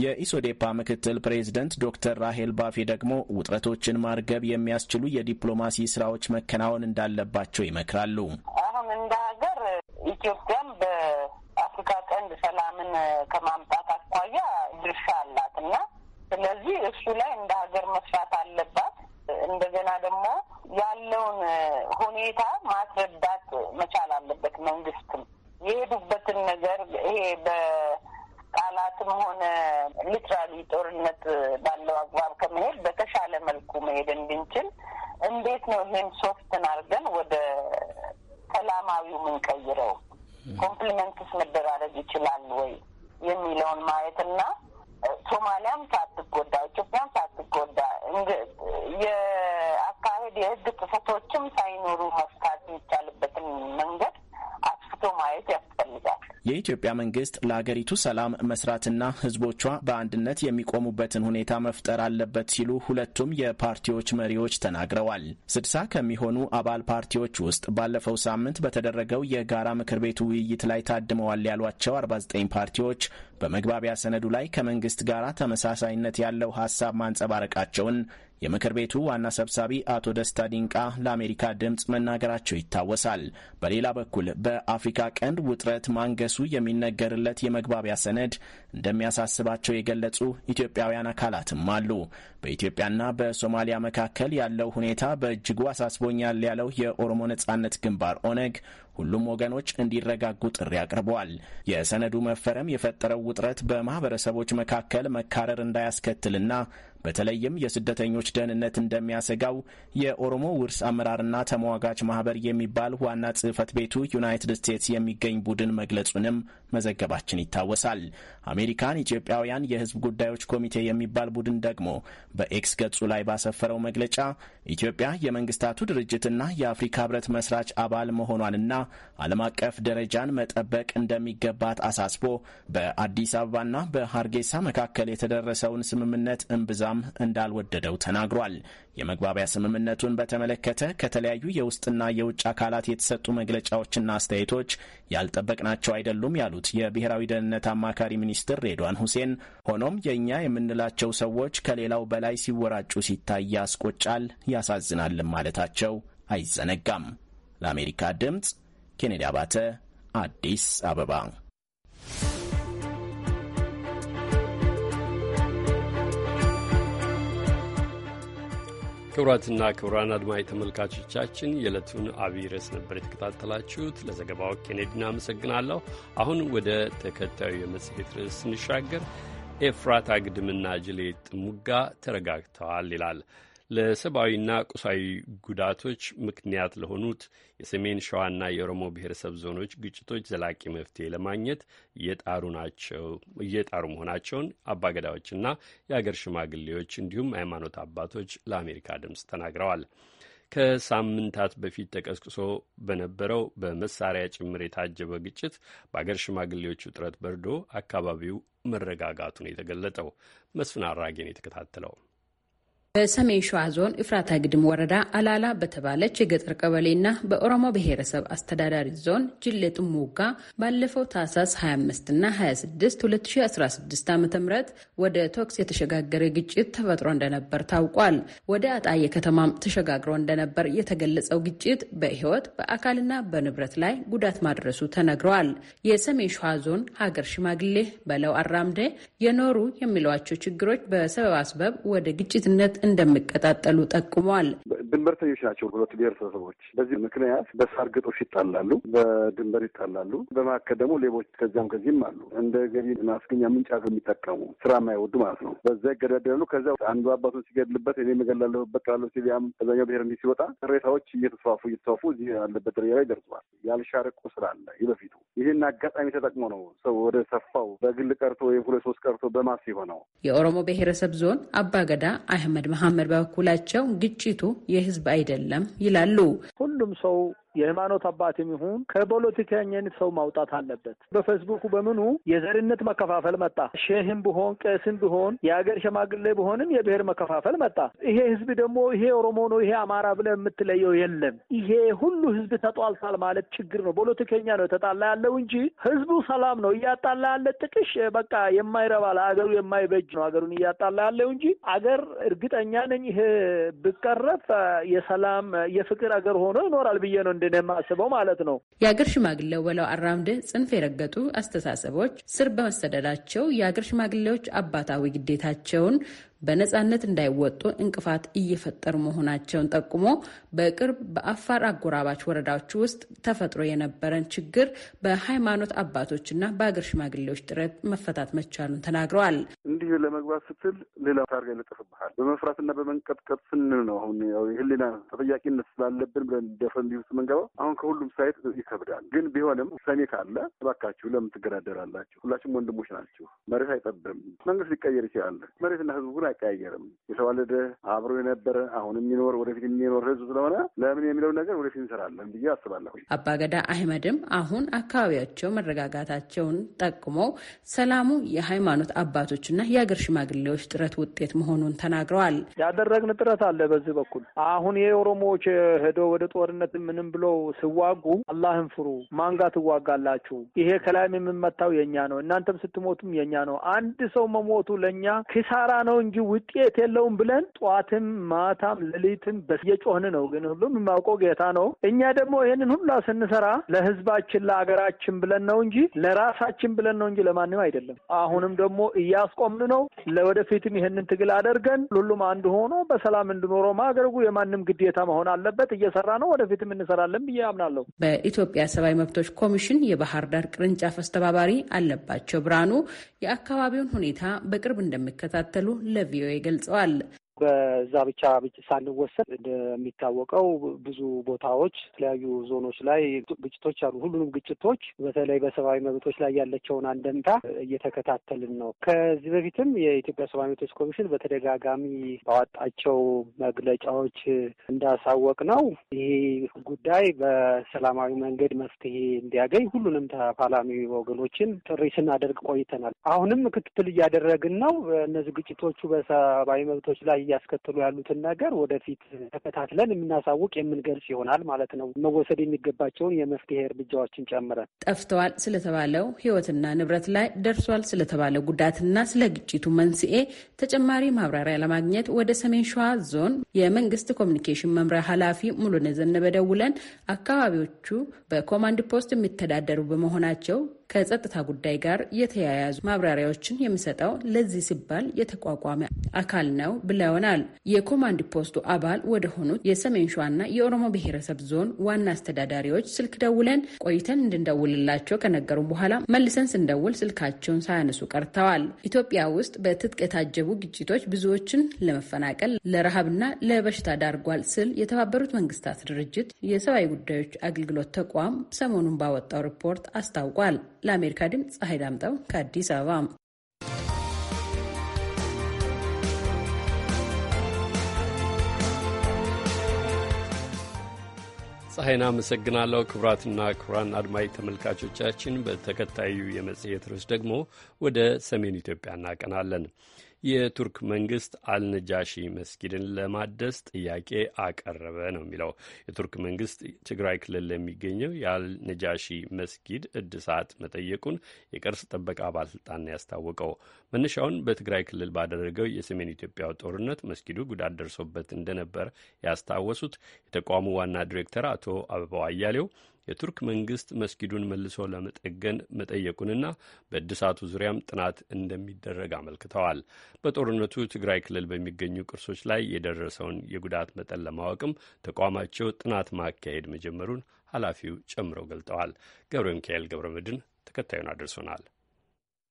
የኢሶዴፓ ምክትል ፕሬዝደንት ዶክተር ራሄል ባፌ ደግሞ ውጥረቶችን ማርገብ የሚያስችሉ የዲፕሎማሲ ስራዎች መከናወን እንዳለባቸው ይመክራሉ። አሁን እንደ ሀገር ኢትዮጵያም በአፍሪካ ቀንድ ሰላምን ከማምጣት አኳያ ድርሻ አላት እና ስለዚህ እሱ ላይ እንደ ሀገር መስራት አለባት። እንደገና ደግሞ ያለውን ሁኔታ ማስረዳት መቻል አለበት። መንግስትም የሄዱበትን ነገር ይሄ በቃላትም ሆነ ሊትራሊ ጦርነት ባለው አግባብ ከመሄድ በተሻለ መልኩ መሄድ እንድንችል እንዴት ነው ይሄን ሶፍትን አድርገን ወደ ሰላማዊው ምንቀይረው ኮምፕሊመንትስ መደራረግ ይችላል ወይ የሚለውን ማየትና ሶማሊያም ሳትጎዳ ኢትዮጵያም ሳትጎዳ የአካሄድ የህግ ጥሰቶችም ሳይኖሩ መፍታት የሚቻልበትን መንገድ አስፍቶ ማየት ያስ የኢትዮጵያ መንግስት ለአገሪቱ ሰላም መስራትና ህዝቦቿ በአንድነት የሚቆሙበትን ሁኔታ መፍጠር አለበት ሲሉ ሁለቱም የፓርቲዎች መሪዎች ተናግረዋል። ስድሳ ከሚሆኑ አባል ፓርቲዎች ውስጥ ባለፈው ሳምንት በተደረገው የጋራ ምክር ቤቱ ውይይት ላይ ታድመዋል ያሏቸው 49 ፓርቲዎች በመግባቢያ ሰነዱ ላይ ከመንግስት ጋር ተመሳሳይነት ያለው ሀሳብ ማንጸባረቃቸውን የምክር ቤቱ ዋና ሰብሳቢ አቶ ደስታ ዲንቃ ለአሜሪካ ድምፅ መናገራቸው ይታወሳል። በሌላ በኩል በአፍሪካ ቀንድ ውጥረት ማንገሱ የሚነገርለት የመግባቢያ ሰነድ እንደሚያሳስባቸው የገለጹ ኢትዮጵያውያን አካላትም አሉ። በኢትዮጵያና በሶማሊያ መካከል ያለው ሁኔታ በእጅጉ አሳስቦኛል ያለው የኦሮሞ ነጻነት ግንባር ኦነግ ሁሉም ወገኖች እንዲረጋጉ ጥሪ አቅርበዋል። የሰነዱ መፈረም የፈጠረው ውጥረት በማህበረሰቦች መካከል መካረር እንዳያስከትልና በተለይም የስደተኞች ደህንነት እንደሚያሰጋው የኦሮሞ ውርስ አመራርና ተሟጋች ማህበር የሚባል ዋና ጽህፈት ቤቱ ዩናይትድ ስቴትስ የሚገኝ ቡድን መግለጹንም መዘገባችን ይታወሳል። አሜሪካን ኢትዮጵያውያን የህዝብ ጉዳዮች ኮሚቴ የሚባል ቡድን ደግሞ በኤክስ ገጹ ላይ ባሰፈረው መግለጫ ኢትዮጵያ የመንግስታቱ ድርጅትና የአፍሪካ ህብረት መስራች አባል መሆኗንና ዓለም አቀፍ ደረጃን መጠበቅ እንደሚገባት አሳስቦ በአዲስ አበባና በሀርጌሳ መካከል የተደረሰውን ስምምነት እምብዛ ሁኔታም እንዳልወደደው ተናግሯል። የመግባቢያ ስምምነቱን በተመለከተ ከተለያዩ የውስጥና የውጭ አካላት የተሰጡ መግለጫዎችና አስተያየቶች ያልጠበቅናቸው አይደሉም ያሉት የብሔራዊ ደህንነት አማካሪ ሚኒስትር ሬድዋን ሁሴን፣ ሆኖም የእኛ የምንላቸው ሰዎች ከሌላው በላይ ሲወራጩ ሲታይ ያስቆጫል፣ ያሳዝናልም ማለታቸው አይዘነጋም። ለአሜሪካ ድምፅ ኬኔዲ አባተ አዲስ አበባ ክቡራትና ክቡራን አድማጭ ተመልካቾቻችን የዕለቱን አብይ ርዕስ ነበር የተከታተላችሁት። ለዘገባው ኬኔዲን አመሰግናለሁ። አሁን ወደ ተከታዩ የመጽሔት ርዕስ ስንሻገር ኤፍራታ ግድምና ጅሌ ጥሙጋ ተረጋግተዋል ይላል። ለሰብአዊና ቁሳዊ ጉዳቶች ምክንያት ለሆኑት የሰሜን ሸዋና የኦሮሞ ብሔረሰብ ዞኖች ግጭቶች ዘላቂ መፍትሄ ለማግኘት እየጣሩ ናቸው እየጣሩ መሆናቸውን አባገዳዎችና የአገር ሽማግሌዎች እንዲሁም ሃይማኖት አባቶች ለአሜሪካ ድምፅ ተናግረዋል። ከሳምንታት በፊት ተቀስቅሶ በነበረው በመሳሪያ ጭምር የታጀበ ግጭት በአገር ሽማግሌዎቹ ጥረት በርዶ አካባቢው መረጋጋቱን የተገለጠው መስፍን አራጌን የተከታተለው በሰሜን ሸዋ ዞን እፍራታ ግድም ወረዳ አላላ በተባለች የገጠር ቀበሌና በኦሮሞ ብሔረሰብ አስተዳዳሪ ዞን ጅሌ ጥሙጋ ባለፈው ታህሳስ 25 እና 26 2016 ዓ ም ወደ ቶክስ የተሸጋገረ ግጭት ተፈጥሮ እንደነበር ታውቋል። ወደ አጣዬ ከተማም ተሸጋግሮ እንደነበር የተገለጸው ግጭት በህይወት በአካልና በንብረት ላይ ጉዳት ማድረሱ ተነግረዋል። የሰሜን ሸዋ ዞን ሀገር ሽማግሌ በለው አራምዴ የኖሩ የሚለዋቸው ችግሮች በሰበብ አስበብ ወደ ግጭትነት እንደሚቀጣጠሉ ጠቁመዋል። ድንበርተኞች ናቸው ሁለቱ ብሔረሰቦች። በዚህ ምክንያት በሳር ግጦሽ ይጣላሉ፣ በድንበር ይጣላሉ። በመካከል ደግሞ ሌቦች ከዚያም ከዚህም አሉ። እንደ ገቢ ማስገኛ ምንጭ የሚጠቀሙ ስራ የማይወዱ ማለት ነው። በዛ ይገዳደላሉ። ከዚያ አንዱ አባቱን ሲገድልበት እኔ መገላለበት ካለ ሲል ያም ከዛኛው ብሔር እንዲህ ሲወጣ ቅሬታዎች እየተስፋፉ እየተስፋፉ እዚህ ያለበት ደረጃ ላይ ደርሰዋል። ያልሻረቁ ስላለ ይህ በፊቱ ይህን አጋጣሚ ተጠቅሞ ነው ሰው ወደ ሰፋው በግል ቀርቶ ወይም ሁለት ሶስት ቀርቶ በማስ የሆነው። የኦሮሞ ብሔረሰብ ዞን አባገዳ አህመድ መሐመድ በበኩላቸው ግጭቱ የህዝብ አይደለም ይላሉ። ሁሉም ሰው የሃይማኖት አባትም ይሁን ከፖለቲከኝነት ሰው ማውጣት አለበት። በፌስቡኩ በምኑ የዘርነት መከፋፈል መጣ። ሼህም ብሆን ቄስም ብሆን የሀገር ሸማግሌ ብሆንም የብሔር መከፋፈል መጣ። ይሄ ህዝብ ደግሞ ይሄ ኦሮሞ ነው ይሄ አማራ ብለ የምትለየው የለም። ይሄ ሁሉ ህዝብ ተጧልቷል ማለት ችግር ነው። ፖለቲከኛ ነው የተጣላ ያለው እንጂ ህዝቡ ሰላም ነው። እያጣላ ያለ ጥቅሽ በቃ የማይረባ ለሀገሩ የማይበጅ ነው ሀገሩን እያጣላ ያለው እንጂ አገር እርግጠኛ ነኝ ይሄ ብቀረፍ የሰላም የፍቅር አገር ሆኖ ይኖራል ብዬ ነው እንደኔ የማስበው ማለት ነው። የአገር ሽማግሌው በለው አራምድ ጽንፍ የረገጡ አስተሳሰቦች ስር በመሰደዳቸው የአገር ሽማግሌዎች አባታዊ ግዴታቸውን በነጻነት እንዳይወጡ እንቅፋት እየፈጠሩ መሆናቸውን ጠቁሞ በቅርብ በአፋር አጎራባች ወረዳዎች ውስጥ ተፈጥሮ የነበረን ችግር በሃይማኖት አባቶችና በአገር ሽማግሌዎች ጥረት መፈታት መቻሉን ተናግረዋል። እንዲህ ለመግባት ስትል ሌላ ታርጋ ይለጠፍብሃል። በመፍራትና በመንቀጥቀጥ ስንል ነው አሁን ህሊና ተጠያቂነት ስላለብን ብለን ደፍረን ቢውስ መንገባው አሁን ከሁሉም ሳይት ይከብዳል። ግን ቢሆንም ሰኔ ካለ እባካችሁ ለምን ትገዳደራላችሁ? ሁላችሁም ወንድሞች ናችሁ። መሬት አይጠብም። መንግስት ሊቀየር ይችላል። መሬትና ህዝቡ ግን አይቀያየርም። የተዋለደ አብሮ የነበረ አሁን የሚኖር ወደፊት የሚኖር ህዝብ ስለሆነ ለምን የሚለው ነገር ወደፊት እንሰራለን ብዬ አስባለሁ። አባገዳ አህመድም አሁን አካባቢያቸው መረጋጋታቸውን ጠቁመው ሰላሙ የሃይማኖት አባቶችና የአገር ሽማግሌዎች ጥረት ውጤት መሆኑን ተናግረዋል። ያደረግን ጥረት አለ። በዚህ በኩል አሁን የኦሮሞዎች ሄደው ወደ ጦርነት ምንም ብለው ስዋጉ አላህን ፍሩ፣ ማንጋ ትዋጋላችሁ፣ ይሄ ከላይም የምመታው የኛ ነው፣ እናንተም ስትሞቱም የኛ ነው። አንድ ሰው መሞቱ ለእኛ ኪሳራ ነው እንጂ ስለዚህ ውጤት የለውም ብለን ጠዋትም ማታም ሌሊትም በየጮህን ነው። ግን ሁሉም የማውቀው ጌታ ነው። እኛ ደግሞ ይህንን ሁላ ስንሰራ ለህዝባችን ለሀገራችን ብለን ነው እንጂ ለራሳችን ብለን ነው እንጂ ለማንም አይደለም። አሁንም ደግሞ እያስቆምን ነው። ለወደፊትም ይህንን ትግል አደርገን ሁሉም አንድ ሆኖ በሰላም እንዲኖረው ማድረጉ የማንም ግዴታ መሆን አለበት። እየሰራ ነው፣ ወደፊትም እንሰራለን ብዬ አምናለሁ። በኢትዮጵያ ሰብአዊ መብቶች ኮሚሽን የባህር ዳር ቅርንጫፍ አስተባባሪ አለባቸው ብርሃኑ የአካባቢውን ሁኔታ በቅርብ እንደሚከታተሉ ለቪ ለቪኦኤ ገልጸዋል። በዛ ብቻ ሳንወሰድ እንደሚታወቀው ብዙ ቦታዎች የተለያዩ ዞኖች ላይ ግጭቶች አሉ። ሁሉንም ግጭቶች በተለይ በሰብአዊ መብቶች ላይ ያለቸውን አንደምታ እየተከታተልን ነው። ከዚህ በፊትም የኢትዮጵያ ሰብአዊ መብቶች ኮሚሽን በተደጋጋሚ ባወጣቸው መግለጫዎች እንዳሳወቅ ነው ይሄ ጉዳይ በሰላማዊ መንገድ መፍትሄ እንዲያገኝ ሁሉንም ተፋላሚ ወገኖችን ጥሪ ስናደርግ ቆይተናል። አሁንም ክትትል እያደረግን ነው። እነዚህ ግጭቶቹ በሰብአዊ መብቶች ላይ እያስከተሉ ያሉትን ነገር ወደፊት ተከታትለን የምናሳውቅ የምንገልጽ ይሆናል ማለት ነው። መወሰድ የሚገባቸውን የመፍትሄ እርምጃዎችን ጨምረን ጠፍተዋል ስለተባለው ሕይወትና ንብረት ላይ ደርሷል ስለተባለ ጉዳትና ስለ ግጭቱ መንስኤ ተጨማሪ ማብራሪያ ለማግኘት ወደ ሰሜን ሸዋ ዞን የመንግስት ኮሚኒኬሽን መምሪያ ኃላፊ ሙሉነህ ዘነበ ደውለን አካባቢዎቹ በኮማንድ ፖስት የሚተዳደሩ በመሆናቸው ከጸጥታ ጉዳይ ጋር የተያያዙ ማብራሪያዎችን የሚሰጠው ለዚህ ሲባል የተቋቋመ አካል ነው ብለውናል። የኮማንድ ፖስቱ አባል ወደ ሆኑት የሰሜን ሸዋና የኦሮሞ ብሔረሰብ ዞን ዋና አስተዳዳሪዎች ስልክ ደውለን ቆይተን እንድንደውልላቸው ከነገሩን በኋላ መልሰን ስንደውል ስልካቸውን ሳያነሱ ቀርተዋል። ኢትዮጵያ ውስጥ በትጥቅ የታጀቡ ግጭቶች ብዙዎችን ለመፈናቀል ለረሃብና ለበሽታ ዳርጓል ስል የተባበሩት መንግስታት ድርጅት የሰብአዊ ጉዳዮች አገልግሎት ተቋም ሰሞኑን ባወጣው ሪፖርት አስታውቋል። ለአሜሪካ ድምፅ ፀሐይ ዳምጠው ከአዲስ አበባ። ፀሐይን አመሰግናለሁ። ክቡራትና ክቡራን አድማጭ ተመልካቾቻችን፣ በተከታዩ የመጽሔት ርዕስ ደግሞ ወደ ሰሜን ኢትዮጵያ እናቀናለን። የቱርክ መንግስት አልነጃሺ መስጊድን ለማደስ ጥያቄ አቀረበ ነው የሚለው። የቱርክ መንግስት ትግራይ ክልል ለሚገኘው የአልነጃሺ መስጊድ እድሳት መጠየቁን የቅርስ ጥበቃ ባለስልጣን ያስታወቀው መነሻውን በትግራይ ክልል ባደረገው የሰሜን ኢትዮጵያው ጦርነት መስጊዱ ጉዳት ደርሶበት እንደነበር ያስታወሱት የተቋሙ ዋና ዲሬክተር አቶ አበባው አያሌው የቱርክ መንግስት መስጊዱን መልሶ ለመጠገን መጠየቁንና በእድሳቱ ዙሪያም ጥናት እንደሚደረግ አመልክተዋል። በጦርነቱ ትግራይ ክልል በሚገኙ ቅርሶች ላይ የደረሰውን የጉዳት መጠን ለማወቅም ተቋማቸው ጥናት ማካሄድ መጀመሩን ኃላፊው ጨምረው ገልጠዋል። ገብረ ሚካኤል ገብረ መድን ተከታዩን አድርሶናል።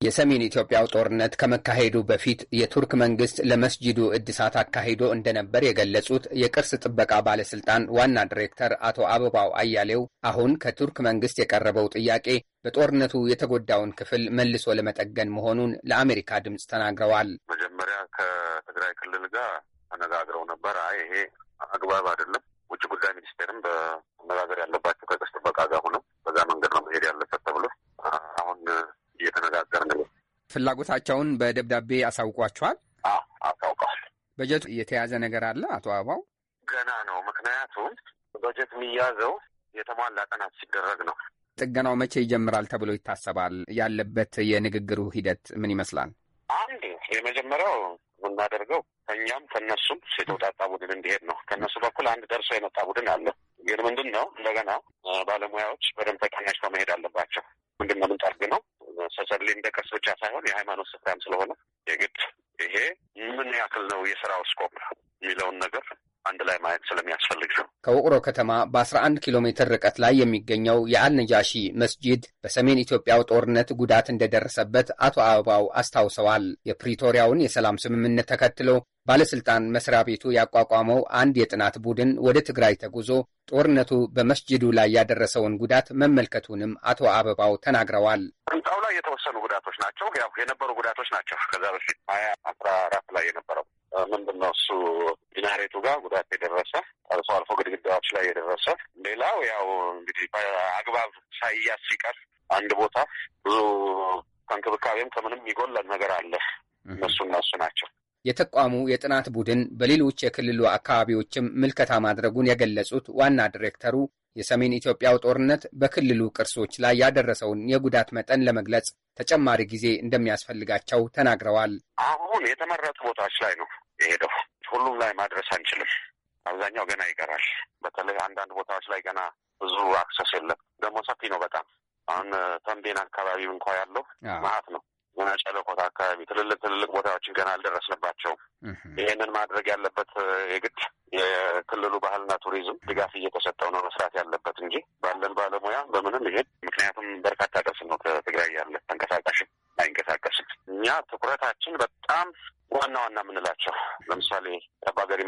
የሰሜን ኢትዮጵያው ጦርነት ከመካሄዱ በፊት የቱርክ መንግስት ለመስጂዱ እድሳት አካሂዶ እንደነበር የገለጹት የቅርስ ጥበቃ ባለስልጣን ዋና ዲሬክተር አቶ አበባው አያሌው አሁን ከቱርክ መንግስት የቀረበው ጥያቄ በጦርነቱ የተጎዳውን ክፍል መልሶ ለመጠገን መሆኑን ለአሜሪካ ድምፅ ተናግረዋል። መጀመሪያ ከትግራይ ክልል ጋር ተነጋግረው ነበር። አይ ይሄ አግባብ አይደለም። ውጭ ጉዳይ ሚኒስቴርም በመነጋገር ያለባቸው ከቅርስ ጥበቃ ጋር ሆነው በዛ መንገድ ነው መሄድ ያለበት ተብሎ አሁን እየተነጋገርን ነው። ፍላጎታቸውን በደብዳቤ አሳውቋቸዋል። አሳውቀዋል። በጀቱ የተያዘ ነገር አለ አቶ አበባው? ገና ነው። ምክንያቱም በጀት የሚያዘው የተሟላ ጥናት ሲደረግ ነው። ጥገናው መቼ ይጀምራል ተብሎ ይታሰባል? ያለበት የንግግሩ ሂደት ምን ይመስላል? አንድ የመጀመሪያው የምናደርገው ከእኛም ከነሱም የተውጣጣ ቡድን እንዲሄድ ነው። ከነሱ በኩል አንድ ደርሶ የመጣ ቡድን አለ። ግን ምንድን ነው እንደገና ባለሙያዎች በደንብ ተቀናጅተው መሄድ አለባቸው። ምንድን ነው ምንጠርግ ነው ሰሰብሌ እንደ ብቻ ሳይሆን የሃይማኖት ስፍራም ስለሆነ የግድ ይሄ ምን ያክል ነው የስራው ስኮፕ የሚለውን ነገር አንድ ላይ ማየት ስለሚያስፈልግ ነው። ከውቅሮ ከተማ በ11 ኪሎ ሜትር ርቀት ላይ የሚገኘው የአልነጃሺ መስጂድ በሰሜን ኢትዮጵያው ጦርነት ጉዳት እንደደረሰበት አቶ አበባው አስታውሰዋል። የፕሪቶሪያውን የሰላም ስምምነት ተከትሎ ባለስልጣን መስሪያ ቤቱ ያቋቋመው አንድ የጥናት ቡድን ወደ ትግራይ ተጉዞ ጦርነቱ በመስጅዱ ላይ ያደረሰውን ጉዳት መመልከቱንም አቶ አበባው ተናግረዋል። ህንፃው ላይ የተወሰኑ ጉዳቶች ናቸው የነበሩ ጉዳቶች ናቸው። ከዛ በፊት ሀያ አስራ አራት ላይ የነበረው ምንድን ነው እሱ ሚናሬቱ ጋር ጉዳት የደረሰ አልፎ አልፎ ግድግዳዎች ላይ የደረሰ ሌላው ያው እንግዲህ በአግባብ ሳይያዝ ሲቀር አንድ ቦታ ብዙ ከእንክብካቤም ከምንም ይጎላል ነገር አለ። እነሱ እነሱ ናቸው የተቋሙ የጥናት ቡድን በሌሎች የክልሉ አካባቢዎችም ምልከታ ማድረጉን የገለጹት ዋና ዲሬክተሩ የሰሜን ኢትዮጵያው ጦርነት በክልሉ ቅርሶች ላይ ያደረሰውን የጉዳት መጠን ለመግለጽ ተጨማሪ ጊዜ እንደሚያስፈልጋቸው ተናግረዋል። አሁን የተመረጡ ቦታዎች ላይ ነው የሄደው። ሁሉም ላይ ማድረስ አንችልም። አብዛኛው ገና ይቀራል። በተለይ አንዳንድ ቦታዎች ላይ ገና ብዙ አክሰስ የለም። ደግሞ ሰፊ ነው በጣም አሁን ተንቤን አካባቢ እንኳ ያለው መሀት ነው ጉና ጨለቆት አካባቢ ትልልቅ ትልልቅ ቦታዎችን ገና አልደረስንባቸውም። ይህንን ማድረግ ያለበት የግድ የክልሉ ባህልና ቱሪዝም ድጋፍ እየተሰጠው ነው መስራት ያለበት እንጂ ባለን ባለሙያ በምንም ይሄን ምክንያቱም በርካታ ቀውስ ነው ትግራይ ያለ ተንቀሳቃሽም አይንቀሳቀስም። እኛ ትኩረታችን በጣም ዋና ዋና የምንላቸው ለምሳሌ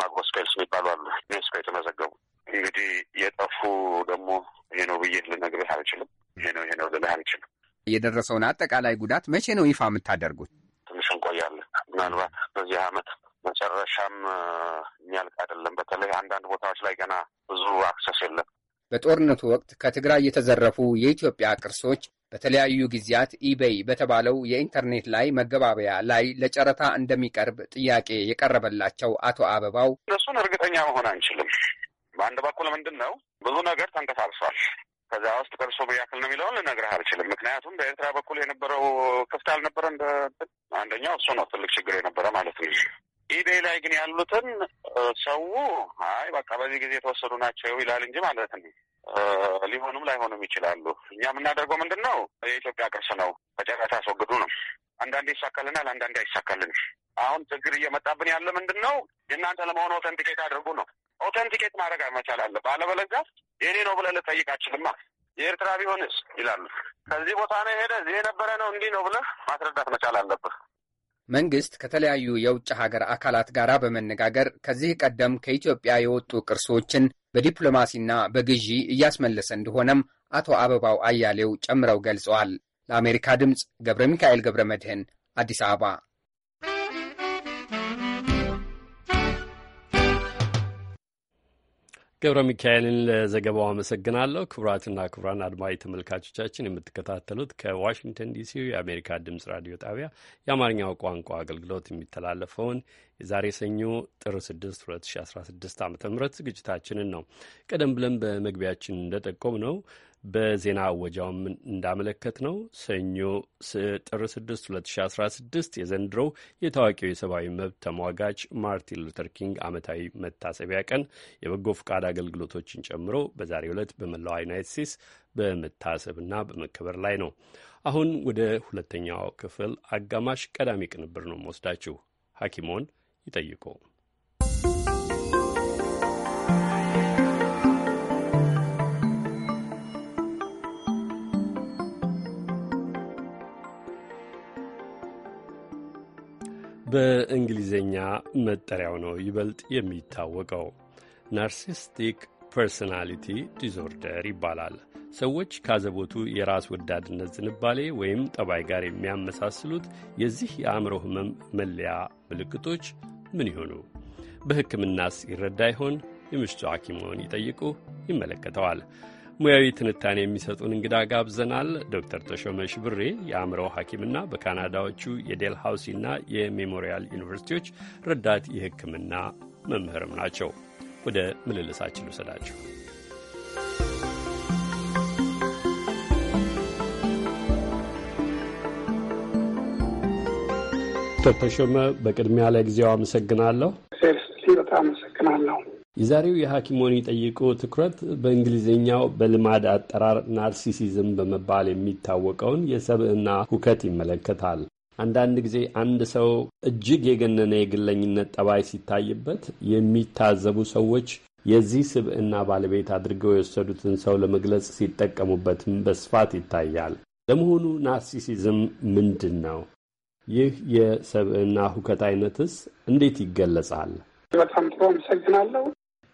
ማጎስ ጎስፔልስ የሚባሉ አሉ ዩኔስኮ የተመዘገቡ እንግዲህ የጠፉ የደረሰውን አጠቃላይ ጉዳት መቼ ነው ይፋ የምታደርጉት? ትንሽ እንቆያለን። ምናልባት በዚህ አመት መጨረሻም የሚያልቅ አይደለም። በተለይ አንዳንድ ቦታዎች ላይ ገና ብዙ አክሰስ የለም። በጦርነቱ ወቅት ከትግራይ የተዘረፉ የኢትዮጵያ ቅርሶች በተለያዩ ጊዜያት ኢቤይ በተባለው የኢንተርኔት ላይ መገባበያ ላይ ለጨረታ እንደሚቀርብ ጥያቄ የቀረበላቸው አቶ አበባው እነሱን እርግጠኛ መሆን አንችልም። በአንድ በኩል ምንድን ነው ብዙ ነገር ተንቀሳቅሷል። ከዛ ውስጥ ደርሶ ያክል ነው የሚለውን ልነግርህ አልችልም። ምክንያቱም በኤርትራ በኩል የነበረው ክፍት አልነበረ። እንደ አንደኛው እሱ ነው ትልቅ ችግር የነበረ ማለት ነው። ኢቤይ ላይ ግን ያሉትን ሰው አይ በቃ በዚህ ጊዜ የተወሰዱ ናቸው ይላል እንጂ ማለት ነው ሊሆኑም ላይሆኑም ይችላሉ። እኛ የምናደርገው ምንድን ነው? የኢትዮጵያ ቅርስ ነው፣ በጨረታ አስወግዱ ነው። አንዳንዴ ይሳካልናል፣ አንዳንዴ አይሳካልን። አሁን ችግር እየመጣብን ያለ ምንድን ነው? የእናንተ ለመሆኑ ኦተንቲኬት አድርጉ ነው። ኦተንቲኬት ማድረግ መቻል አለ። የኔ ነው ብለን ልጠይቅ አችልማ የኤርትራ ቢሆንስ ይላሉ። ከዚህ ቦታ ነው የሄደ እዚህ የነበረ ነው እንዲህ ነው ብለህ ማስረዳት መቻል አለብህ። መንግስት ከተለያዩ የውጭ ሀገር አካላት ጋር በመነጋገር ከዚህ ቀደም ከኢትዮጵያ የወጡ ቅርሶችን በዲፕሎማሲና በግዢ እያስመለሰ እንደሆነም አቶ አበባው አያሌው ጨምረው ገልጸዋል። ለአሜሪካ ድምፅ ገብረ ሚካኤል ገብረ መድህን አዲስ አበባ ገብረ ሚካኤልን ለዘገባው አመሰግናለሁ። ክቡራትና ክቡራን አድማዊ ተመልካቾቻችን የምትከታተሉት ከዋሽንግተን ዲሲ የአሜሪካ ድምጽ ራዲዮ ጣቢያ የአማርኛው ቋንቋ አገልግሎት የሚተላለፈውን የዛሬ ሰኞ ጥር 6 2016 ዓ ም ዝግጅታችንን ነው። ቀደም ብለን በመግቢያችን እንደጠቆም ነው በዜና አወጃውም እንዳመለከት ነው ሰኞ ጥር 6 2016 የዘንድሮው የታዋቂው የሰብአዊ መብት ተሟጋች ማርቲን ሉተር ኪንግ ዓመታዊ መታሰቢያ ቀን የበጎ ፈቃድ አገልግሎቶችን ጨምሮ በዛሬው ዕለት በመላዋ ዩናይት ስቴትስ በመታሰብና በመከበር ላይ ነው። አሁን ወደ ሁለተኛው ክፍል አጋማሽ ቀዳሚ ቅንብር ነው መወስዳችሁ። ሐኪሞን ይጠይቁ በእንግሊዝኛ መጠሪያው ነው ይበልጥ የሚታወቀው ናርሲስቲክ ፐርሶናሊቲ ዲዞርደር ይባላል። ሰዎች ካዘቦቱ የራስ ወዳድነት ዝንባሌ ወይም ጠባይ ጋር የሚያመሳስሉት የዚህ የአእምሮ ህመም መለያ ምልክቶች ምን ይሆኑ? በሕክምናስ ይረዳ ይሆን? የምሽቱ ሐኪሞን ይጠይቁ ይመለከተዋል። ሙያዊ ትንታኔ የሚሰጡን እንግዳ ጋብዘናል። ዶክተር ተሾመ ሽብሬ የአእምሮ ሐኪምና በካናዳዎቹ የዴል ሀውሲና የሜሞሪያል ዩኒቨርሲቲዎች ረዳት የሕክምና መምህርም ናቸው። ወደ ምልልሳችን ውሰዳችሁ። ዶክተር ተሾመ በቅድሚያ ለጊዜው አመሰግናለሁ። በጣም አመሰግናለሁ። የዛሬው የሐኪሞን ይጠይቁ ትኩረት በእንግሊዝኛው በልማድ አጠራር ናርሲሲዝም በመባል የሚታወቀውን የሰብዕና ሁከት ይመለከታል። አንዳንድ ጊዜ አንድ ሰው እጅግ የገነነ የግለኝነት ጠባይ ሲታይበት የሚታዘቡ ሰዎች የዚህ ስብዕና ባለቤት አድርገው የወሰዱትን ሰው ለመግለጽ ሲጠቀሙበትም በስፋት ይታያል። ለመሆኑ ናርሲሲዝም ምንድን ነው? ይህ የሰብዕና ሁከት አይነትስ እንዴት ይገለጻል? በጣም ጥሩ አመሰግናለሁ።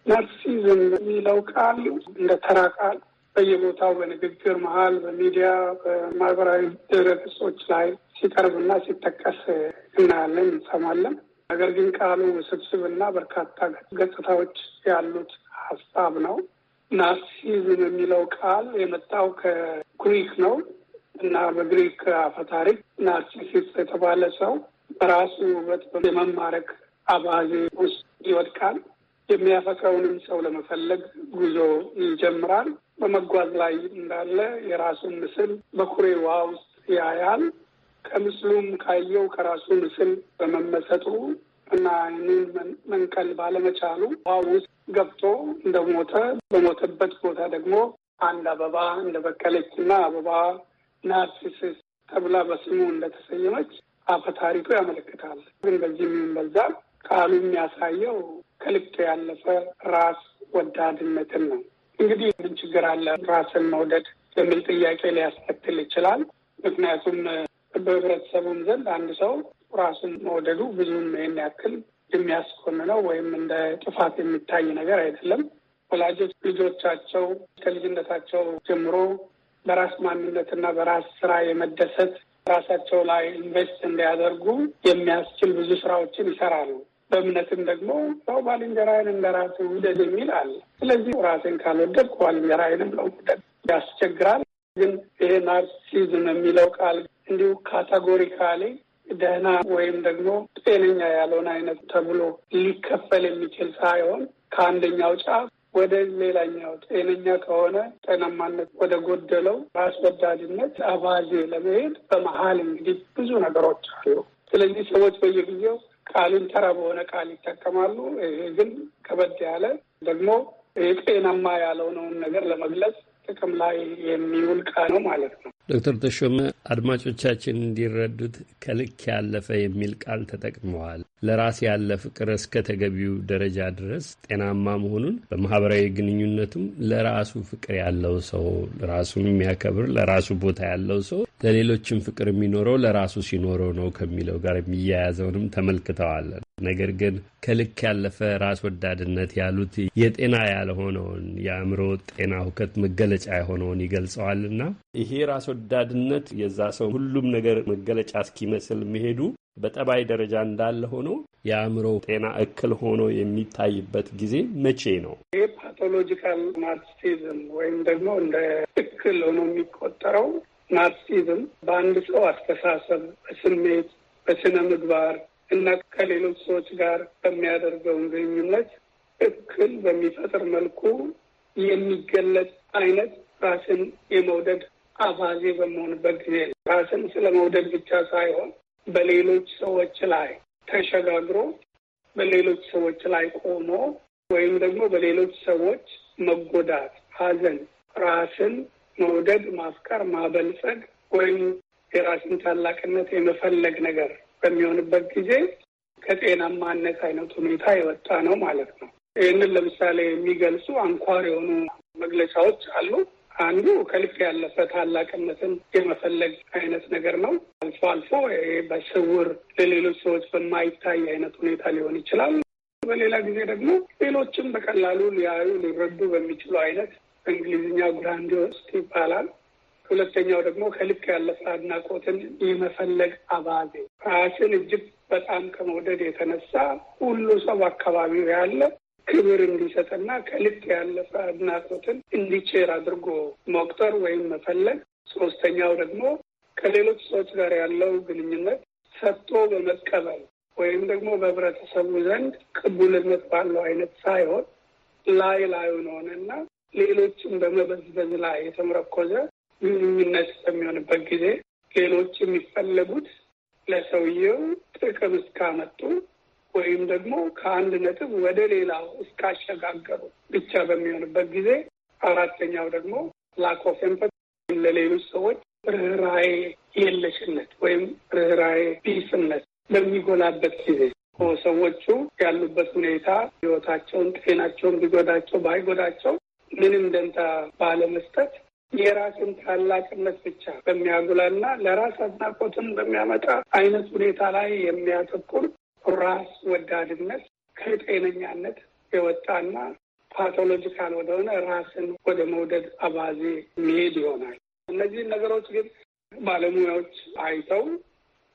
ናርሲዝም የሚለው ቃል እንደ ተራ ቃል በየቦታው በንግግር መሀል፣ በሚዲያ በማህበራዊ ድረገጾች ላይ ሲቀርብና ሲጠቀስ እናያለን፣ እንሰማለን። ነገር ግን ቃሉ ውስብስብ እና በርካታ ገጽታዎች ያሉት ሀሳብ ነው። ናርሲዝም የሚለው ቃል የመጣው ከግሪክ ነው እና በግሪክ አፈታሪክ ናርሲሲስ የተባለ ሰው በራሱ ውበት የመማረክ አባዜ ውስጥ ይወድቃል። የሚያፈቅረውንም ሰው ለመፈለግ ጉዞ ይጀምራል። በመጓዝ ላይ እንዳለ የራሱን ምስል በኩሬ ውሃ ውስጥ ያያል። ከምስሉም ካየው ከራሱ ምስል በመመሰጡ እና ዓይኑን መንቀል ባለመቻሉ ውሃ ውስጥ ገብቶ እንደሞተ በሞተበት ቦታ ደግሞ አንድ አበባ እንደበቀለች እና አበባ ናርሲስስ ተብላ በስሙ እንደተሰየመች አፈ ታሪኩ ያመለክታል። ግን በዚህ የሚበዛ ቃሉ የሚያሳየው ከልክ ያለፈ ራስ ወዳድነትን ነው። እንግዲህ ምን ችግር አለ ራስን መውደድ የሚል ጥያቄ ሊያስከትል ይችላል። ምክንያቱም በህብረተሰቡም ዘንድ አንድ ሰው ራሱን መውደዱ ብዙም ይህን ያክል የሚያስኮንነው ወይም እንደ ጥፋት የሚታይ ነገር አይደለም። ወላጆች ልጆቻቸው ከልጅነታቸው ጀምሮ በራስ ማንነትና በራስ ስራ የመደሰት ራሳቸው ላይ ኢንቨስት እንዲያደርጉ የሚያስችል ብዙ ስራዎችን ይሰራሉ። በእምነትም ደግሞ ሰው ባልንጀራህን እንደራሱ ውደድ የሚል አለ። ስለዚህ ራሴን ካልወደድ ባልንጀራዬንም ለውደድ ያስቸግራል። ግን ይሄ ናርሲዝም የሚለው ቃል እንዲሁ ካታጎሪካሊ ደህና ወይም ደግሞ ጤነኛ ያልሆነ አይነት ተብሎ ሊከፈል የሚችል ሳይሆን ከአንደኛው ጫፍ ወደ ሌላኛው ጤነኛ ከሆነ ጤናማነት ወደ ጎደለው ራስ አባዜ ለመሄድ በመሀል እንግዲህ ብዙ ነገሮች አሉ። ስለዚህ ሰዎች በየጊዜው ቃሉን ተራ በሆነ ቃል ይጠቀማሉ። ይሄ ግን ከበድ ያለ ደግሞ ጤናማ ያለውነውን ነገር ለመግለጽ ጥቅም ላይ የሚውል ዕቃ ነው ማለት ነው። ዶክተር ተሾመ አድማጮቻችን እንዲረዱት ከልክ ያለፈ የሚል ቃል ተጠቅመዋል። ለራስ ያለ ፍቅር እስከ ተገቢው ደረጃ ድረስ ጤናማ መሆኑን በማህበራዊ ግንኙነቱም ለራሱ ፍቅር ያለው ሰው ራሱን የሚያከብር ለራሱ ቦታ ያለው ሰው ለሌሎችም ፍቅር የሚኖረው ለራሱ ሲኖረው ነው ከሚለው ጋር የሚያያዘውንም ተመልክተዋለን። ነገር ግን ከልክ ያለፈ ራስ ወዳድነት ያሉት የጤና ያልሆነውን የአእምሮ ጤና ሁከት መገለጫ የሆነውን ይገልጸዋልና ይሄ ራስ ወዳድነት የዛ ሰው ሁሉም ነገር መገለጫ እስኪመስል መሄዱ በጠባይ ደረጃ እንዳለ ሆኖ የአእምሮ ጤና እክል ሆኖ የሚታይበት ጊዜ መቼ ነው? ይህ ፓቶሎጂካል ናርሲሲዝም ወይም ደግሞ እንደ እክል ሆኖ የሚቆጠረው ናርሲዝም በአንድ ሰው አስተሳሰብ፣ በስሜት፣ በስነ ምግባር እና ከሌሎች ሰዎች ጋር በሚያደርገውን ግንኙነት እክል በሚፈጥር መልኩ የሚገለጽ አይነት ራስን የመውደድ አባዜ በመሆንበት ጊዜ ራስን ስለ መውደድ ብቻ ሳይሆን በሌሎች ሰዎች ላይ ተሸጋግሮ በሌሎች ሰዎች ላይ ቆሞ ወይም ደግሞ በሌሎች ሰዎች መጎዳት፣ ሐዘን፣ ራስን መውደድ፣ ማፍቀር፣ ማበልጸግ ወይም የራስን ታላቅነት የመፈለግ ነገር በሚሆንበት ጊዜ ከጤናማነት አይነት ሁኔታ የወጣ ነው ማለት ነው። ይህንን ለምሳሌ የሚገልጹ አንኳር የሆኑ መግለጫዎች አሉ። አንዱ ከልክ ያለፈ ታላቅነትን የመፈለግ አይነት ነገር ነው። አልፎ አልፎ በስውር ለሌሎች ሰዎች በማይታይ አይነት ሁኔታ ሊሆን ይችላል። በሌላ ጊዜ ደግሞ ሌሎችም በቀላሉ ሊያዩ ሊረዱ በሚችሉ አይነት በእንግሊዝኛ ግራንዲዮስ ይባላል። ሁለተኛው ደግሞ ከልክ ያለፈ አድናቆትን የመፈለግ አባዜ ራስን እጅግ በጣም ከመውደድ የተነሳ ሁሉ ሰው አካባቢው ያለ ክብር እንዲሰጥና ከልክ ያለፈ አድናቆትን እንዲችር አድርጎ መቁጠር ወይም መፈለግ። ሶስተኛው ደግሞ ከሌሎች ሰዎች ጋር ያለው ግንኙነት ሰጥቶ በመቀበል ወይም ደግሞ በህብረተሰቡ ዘንድ ቅቡልነት ባለው አይነት ሳይሆን ላይ ላዩን ሆነና ሌሎችን በመበዝበዝ ላይ የተመረኮዘ ግንኙነት በሚሆንበት ጊዜ ሌሎች የሚፈለጉት ለሰውየው ጥቅም እስካመጡ ወይም ደግሞ ከአንድ ነጥብ ወደ ሌላው እስካሸጋገሩ ብቻ በሚሆንበት ጊዜ፣ አራተኛው ደግሞ ላክ ኦፍ ለሌሎች ሰዎች ርኅራዬ የለሽነት ወይም ርኅራዬ ቢስነት በሚጎላበት ጊዜ ሰዎቹ ያሉበት ሁኔታ ህይወታቸውን ጤናቸውን ቢጎዳቸው ባይጎዳቸው ምንም ደንታ ባለመስጠት የራስን ታላቅነት ብቻ በሚያጉላና ለራስ አድናቆትን በሚያመጣ አይነት ሁኔታ ላይ የሚያተኩር ራስ ወዳድነት ከጤነኛነት የወጣና ፓቶሎጂካል ወደሆነ ራስን ወደ መውደድ አባዜ መሄድ ይሆናል። እነዚህ ነገሮች ግን ባለሙያዎች አይተው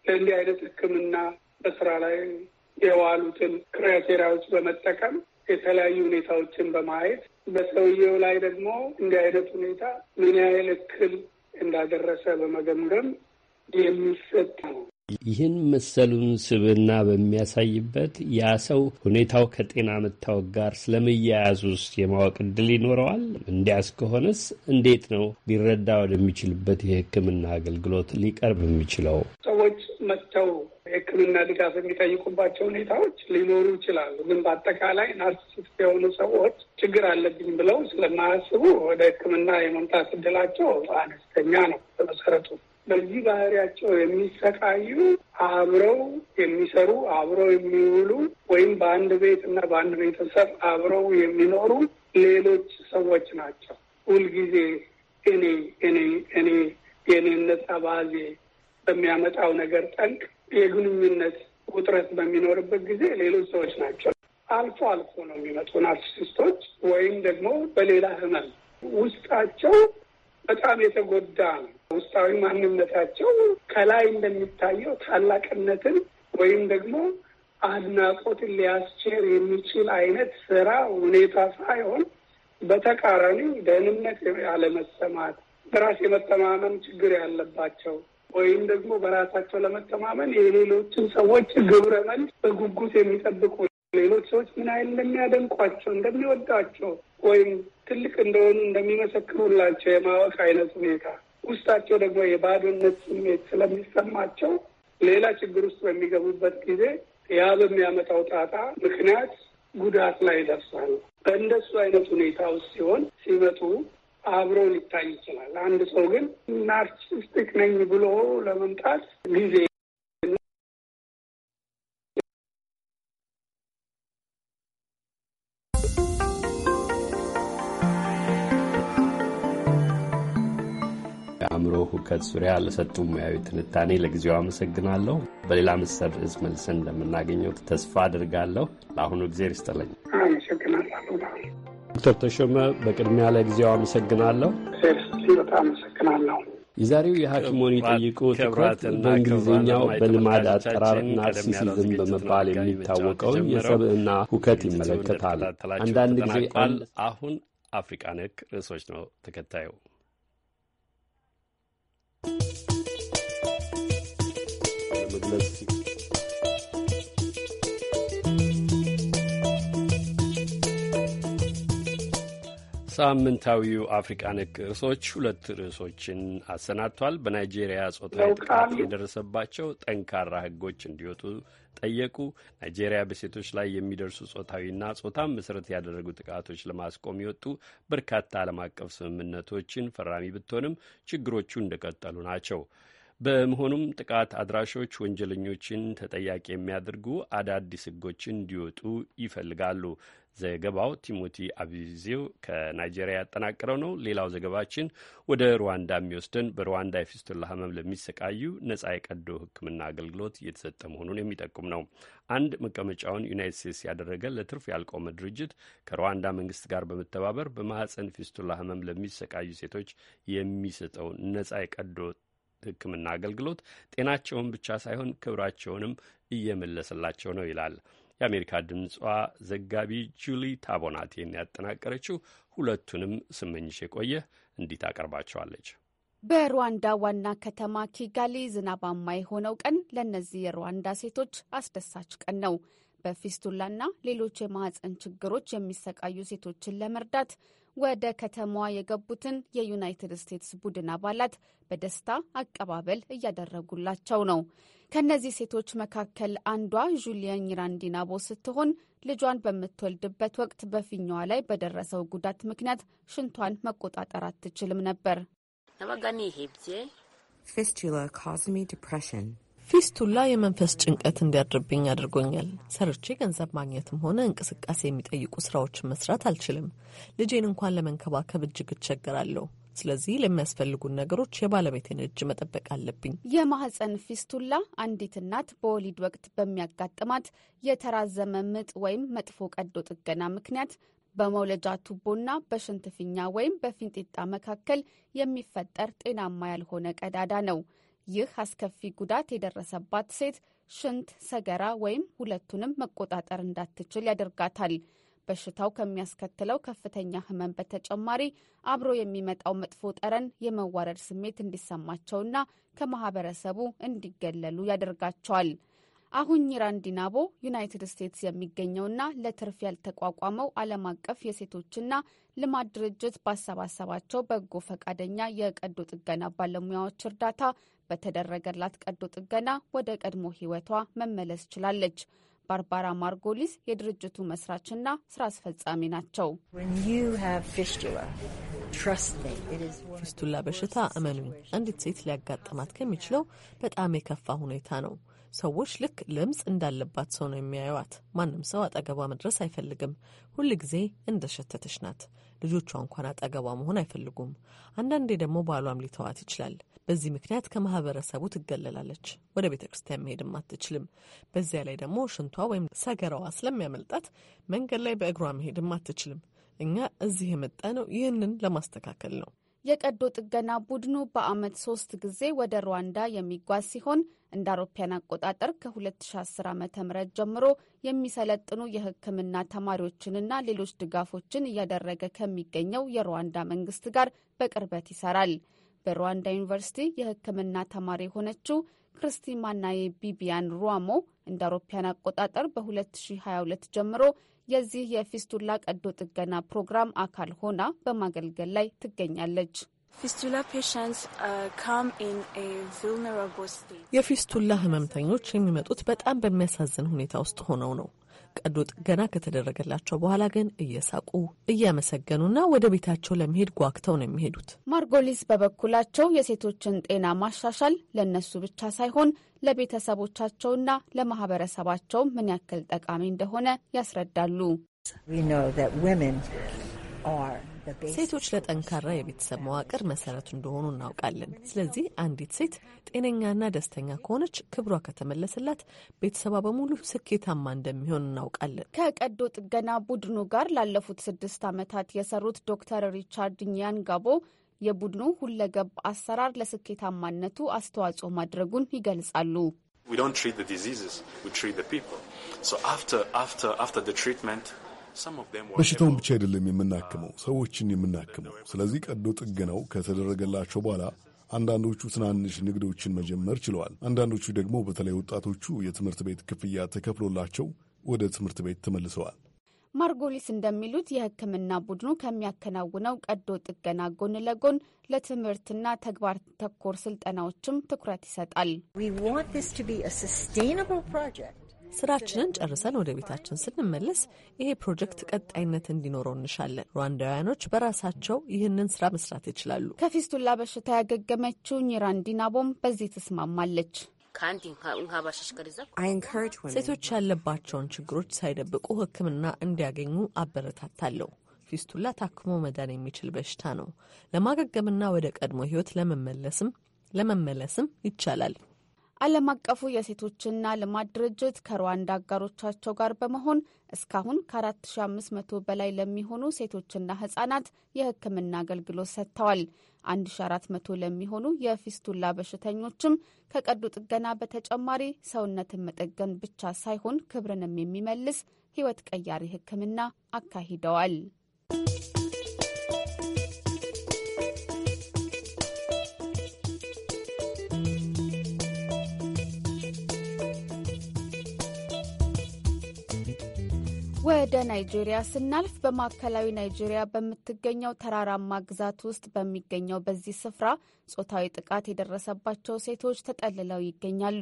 ለእንዲህ አይነት ሕክምና በስራ ላይ የዋሉትን ክራይቴሪያዎች በመጠቀም የተለያዩ ሁኔታዎችን በማየት በሰውየው ላይ ደግሞ እንዲህ አይነት ሁኔታ ምን ያህል እክል እንዳደረሰ በመገምገም የሚሰጥ ነው። ይህን መሰሉን ስብና በሚያሳይበት ያ ሰው ሁኔታው ከጤና መታወቅ ጋር ስለመያያዙ ውስጥ የማወቅ እድል ይኖረዋል? እንዲያስ ከሆነስ እንዴት ነው ሊረዳ ወደሚችልበት የሕክምና አገልግሎት ሊቀርብ የሚችለው? ሰዎች መጥተው የሕክምና ድጋፍ የሚጠይቁባቸው ሁኔታዎች ሊኖሩ ይችላሉ። ግን በአጠቃላይ ናርሲሲስት የሆኑ ሰዎች ችግር አለብኝ ብለው ስለማያስቡ ወደ ሕክምና የመምጣት እድላቸው አነስተኛ ነው በመሰረቱ በዚህ ባህሪያቸው የሚሰቃዩ አብረው የሚሰሩ አብረው የሚውሉ ወይም በአንድ ቤት እና በአንድ ቤተሰብ አብረው የሚኖሩ ሌሎች ሰዎች ናቸው። ሁልጊዜ እኔ እኔ እኔ የእኔነት አባዜ በሚያመጣው ነገር ጠንቅ የግንኙነት ውጥረት በሚኖርበት ጊዜ ሌሎች ሰዎች ናቸው። አልፎ አልፎ ነው የሚመጡ ናርሲሲስቶች ወይም ደግሞ በሌላ ህመም ውስጣቸው በጣም የተጎዳ ነው ውስጣዊ ማንነታቸው ከላይ እንደሚታየው ታላቅነትን ወይም ደግሞ አድናቆትን ሊያስቸር የሚችል አይነት ስራ ሁኔታ ሳይሆን በተቃራኒ ደህንነት ያለመሰማት፣ በራስ የመተማመን ችግር ያለባቸው ወይም ደግሞ በራሳቸው ለመተማመን የሌሎችን ሰዎች ግብረ መልስ በጉጉት የሚጠብቁ ሌሎች ሰዎች ምን ያህል እንደሚያደንቋቸው፣ እንደሚወዳቸው ወይም ትልቅ እንደሆኑ እንደሚመሰክሩላቸው የማወቅ አይነት ሁኔታ ውስጣቸው ደግሞ የባዶነት ስሜት ስለሚሰማቸው ሌላ ችግር ውስጥ በሚገቡበት ጊዜ ያ በሚያመጣው ጣጣ ምክንያት ጉዳት ላይ ይደርሳሉ። በእንደሱ አይነት ሁኔታ ውስጥ ሲሆን ሲመጡ አብሮ ሊታይ ይችላል። አንድ ሰው ግን ናርሲስቲክ ነኝ ብሎ ለመምጣት ጊዜ በሁከት ዙሪያ ለሰጡ ሙያዊ ትንታኔ ለጊዜው አመሰግናለሁ። በሌላ ምስር ርዕስ መልስን እንደምናገኘው ተስፋ አድርጋለሁ። ለአሁኑ ጊዜ ይስጥልኝ። ዶክተር ተሾመ በቅድሚያ ለጊዜው አመሰግናለሁ። በጣም አመሰግናለሁ። የዛሬው የሐኪሞን ይጠይቁ ትኩረት በእንግሊዝኛው በልማድ አጠራር ናርሲሲዝም በመባል የሚታወቀውን የሰብዕና ሁከት ይመለከታል። አንዳንድ ጊዜ አሁን አፍሪቃ ነክ ርዕሶች ነው ተከታዩ ሳምንታዊው አፍሪቃ ነክ ርዕሶች ሁለት ርዕሶችን አሰናድቷል። በናይጄሪያ ጾታዊ ጥቃት የደረሰባቸው ጠንካራ ሕጎች እንዲወጡ ጠየቁ። ናይጄሪያ በሴቶች ላይ የሚደርሱ ጾታዊና ጾታን መሰረት ያደረጉ ጥቃቶች ለማስቆም የወጡ በርካታ ዓለም አቀፍ ስምምነቶችን ፈራሚ ብትሆንም ችግሮቹ እንደቀጠሉ ናቸው። በመሆኑም ጥቃት አድራሾች ወንጀለኞችን ተጠያቂ የሚያደርጉ አዳዲስ ሕጎችን እንዲወጡ ይፈልጋሉ። ዘገባው ቲሞቲ አቢዚው ከናይጄሪያ ያጠናቀረው ነው። ሌላው ዘገባችን ወደ ሩዋንዳ የሚወስደን በሩዋንዳ የፊስቱላ ህመም ለሚሰቃዩ ነጻ የቀዶ ሕክምና አገልግሎት እየተሰጠ መሆኑን የሚጠቁም ነው። አንድ መቀመጫውን ዩናይት ስቴትስ ያደረገ ለትርፍ ያልቆመ ድርጅት ከሩዋንዳ መንግስት ጋር በመተባበር በማህፀን ፊስቱላ ህመም ለሚሰቃዩ ሴቶች የሚሰጠው ነጻ የቀዶ ሕክምና አገልግሎት ጤናቸውን ብቻ ሳይሆን ክብራቸውንም እየመለሰላቸው ነው ይላል። የአሜሪካ ድምጿ ዘጋቢ ጁሊ ታቦናቴን ያጠናቀረችው። ሁለቱንም ስመኝሽ የቆየ እንዲት አቀርባቸዋለች። በሩዋንዳ ዋና ከተማ ኪጋሊ ዝናባማ የሆነው ቀን ለእነዚህ የሩዋንዳ ሴቶች አስደሳች ቀን ነው። በፊስቱላና ሌሎች የማህፀን ችግሮች የሚሰቃዩ ሴቶችን ለመርዳት ወደ ከተማዋ የገቡትን የዩናይትድ ስቴትስ ቡድን አባላት በደስታ አቀባበል እያደረጉላቸው ነው። ከእነዚህ ሴቶች መካከል አንዷ ዡሊያን ራንዲናቦ ስትሆን ልጇን በምትወልድበት ወቅት በፊኛዋ ላይ በደረሰው ጉዳት ምክንያት ሽንቷን መቆጣጠር አትችልም ነበር። ፊስቱላ የመንፈስ ጭንቀት እንዲያድርብኝ አድርጎኛል። ሰርቼ ገንዘብ ማግኘትም ሆነ እንቅስቃሴ የሚጠይቁ ስራዎችን መስራት አልችልም። ልጄን እንኳን ለመንከባከብ እጅግ እቸገራለሁ። ስለዚህ ለሚያስፈልጉን ነገሮች የባለቤቴን እጅ መጠበቅ አለብኝ። የማህፀን ፊስቱላ አንዲት እናት በወሊድ ወቅት በሚያጋጥማት የተራዘመ ምጥ ወይም መጥፎ ቀዶ ጥገና ምክንያት በመውለጃ ቱቦና በሽንት ፊኛ ወይም በፊንጢጣ መካከል የሚፈጠር ጤናማ ያልሆነ ቀዳዳ ነው። ይህ አስከፊ ጉዳት የደረሰባት ሴት ሽንት፣ ሰገራ ወይም ሁለቱንም መቆጣጠር እንዳትችል ያደርጋታል። በሽታው ከሚያስከትለው ከፍተኛ ህመም በተጨማሪ አብሮ የሚመጣው መጥፎ ጠረን የመዋረድ ስሜት እንዲሰማቸውና ከማህበረሰቡ እንዲገለሉ ያደርጋቸዋል። አሁን ራንዲናቦ ዩናይትድ ስቴትስ የሚገኘውና ለትርፍ ያልተቋቋመው ዓለም አቀፍ የሴቶችና ልማት ድርጅት ባሰባሰባቸው በጎ ፈቃደኛ የቀዶ ጥገና ባለሙያዎች እርዳታ በተደረገላት ቀዶ ጥገና ወደ ቀድሞ ሕይወቷ መመለስ ችላለች። ባርባራ ማርጎሊስ የድርጅቱ መስራችና ስራ አስፈጻሚ ናቸው። ፊስቱላ በሽታ እመኑኝ፣ አንዲት ሴት ሊያጋጥማት ከሚችለው በጣም የከፋ ሁኔታ ነው። ሰዎች ልክ ለምጽ እንዳለባት ሰው ነው የሚያዩዋት። ማንም ሰው አጠገቧ መድረስ አይፈልግም። ሁል ጊዜ እንደሸተተች ናት። ልጆቿ እንኳን አጠገቧ መሆን አይፈልጉም። አንዳንዴ ደግሞ ባሏም ሊተዋት ይችላል። በዚህ ምክንያት ከማህበረሰቡ ትገለላለች። ወደ ቤተ ክርስቲያን መሄድም አትችልም። በዚያ ላይ ደግሞ ሽንቷ ወይም ሰገራዋ ስለሚያመልጣት መንገድ ላይ በእግሯ መሄድም አትችልም። እኛ እዚህ የመጣ ነው ይህንን ለማስተካከል ነው። የቀዶ ጥገና ቡድኑ በአመት ሶስት ጊዜ ወደ ሩዋንዳ የሚጓዝ ሲሆን እንደ አውሮፓያን አቆጣጠር ከ2010 ዓ ም ጀምሮ የሚሰለጥኑ የሕክምና ተማሪዎችንና ሌሎች ድጋፎችን እያደረገ ከሚገኘው የሩዋንዳ መንግስት ጋር በቅርበት ይሰራል። በሩዋንዳ ዩኒቨርሲቲ የሕክምና ተማሪ የሆነችው ክርስቲማናዬ ቢቢያን ሩዋሞ እንደ አውሮፓያን አቆጣጠር በ2022 ጀምሮ የዚህ የፊስቱላ ቀዶ ጥገና ፕሮግራም አካል ሆና በማገልገል ላይ ትገኛለች። uh, የፊስቱላ ህመምተኞች የሚመጡት በጣም በሚያሳዝን ሁኔታ ውስጥ ሆነው ነው። ቀዶ ጥገና ከተደረገላቸው በኋላ ግን እየሳቁ እያመሰገኑና ወደ ቤታቸው ለመሄድ ጓግተው ነው የሚሄዱት። ማርጎሊስ በበኩላቸው የሴቶችን ጤና ማሻሻል ለእነሱ ብቻ ሳይሆን ለቤተሰቦቻቸውና ለማህበረሰባቸው ምን ያክል ጠቃሚ እንደሆነ ያስረዳሉ። ሴቶች ለጠንካራ የቤተሰብ መዋቅር መሰረቱ እንደሆኑ እናውቃለን። ስለዚህ አንዲት ሴት ጤነኛና ደስተኛ ከሆነች፣ ክብሯ ከተመለሰላት፣ ቤተሰቧ በሙሉ ስኬታማ እንደሚሆን እናውቃለን። ከቀዶ ጥገና ቡድኑ ጋር ላለፉት ስድስት ዓመታት የሰሩት ዶክተር ሪቻርድ ጋቦ የቡድኑ ሁለገብ አሰራር ለስኬታማነቱ አስተዋጽኦ ማድረጉን ይገልጻሉ። We don't treat the diseases, we treat the people. So after, after, after the treatment, በሽታውን ብቻ አይደለም የምናክመው፣ ሰዎችን የምናክመው። ስለዚህ ቀዶ ጥገናው ከተደረገላቸው በኋላ አንዳንዶቹ ትናንሽ ንግዶችን መጀመር ችለዋል። አንዳንዶቹ ደግሞ በተለይ ወጣቶቹ የትምህርት ቤት ክፍያ ተከፍሎላቸው ወደ ትምህርት ቤት ተመልሰዋል። ማርጎሊስ እንደሚሉት የሕክምና ቡድኑ ከሚያከናውነው ቀዶ ጥገና ጎን ለጎን ለትምህርትና ተግባር ተኮር ስልጠናዎችም ትኩረት ይሰጣል። ስራችንን ጨርሰን ወደ ቤታችን ስንመለስ ይሄ ፕሮጀክት ቀጣይነት እንዲኖረው እንሻለን። ሩዋንዳውያኖች በራሳቸው ይህንን ስራ መስራት ይችላሉ። ከፊስቱላ በሽታ ያገገመችው ራንዲና ቦም በዚህ ትስማማለች። ሴቶች ያለባቸውን ችግሮች ሳይደብቁ ሕክምና እንዲያገኙ አበረታታለሁ። ፊስቱላ ታክሞ መዳን የሚችል በሽታ ነው። ለማገገምና ወደ ቀድሞ ህይወት ለመመለስም ለመመለስም ይቻላል። ዓለም አቀፉ የሴቶችና ልማት ድርጅት ከሩዋንዳ አጋሮቻቸው ጋር በመሆን እስካሁን ከ4500 በላይ ለሚሆኑ ሴቶችና ህጻናት የህክምና አገልግሎት ሰጥተዋል። 1400 ለሚሆኑ የፊስቱላ በሽተኞችም ከቀዶ ጥገና በተጨማሪ ሰውነትን መጠገን ብቻ ሳይሆን ክብርንም የሚመልስ ህይወት ቀያሪ ህክምና አካሂደዋል። ወደ ናይጄሪያ ስናልፍ በማዕከላዊ ናይጄሪያ በምትገኘው ተራራማ ግዛት ውስጥ በሚገኘው በዚህ ስፍራ ጾታዊ ጥቃት የደረሰባቸው ሴቶች ተጠልለው ይገኛሉ።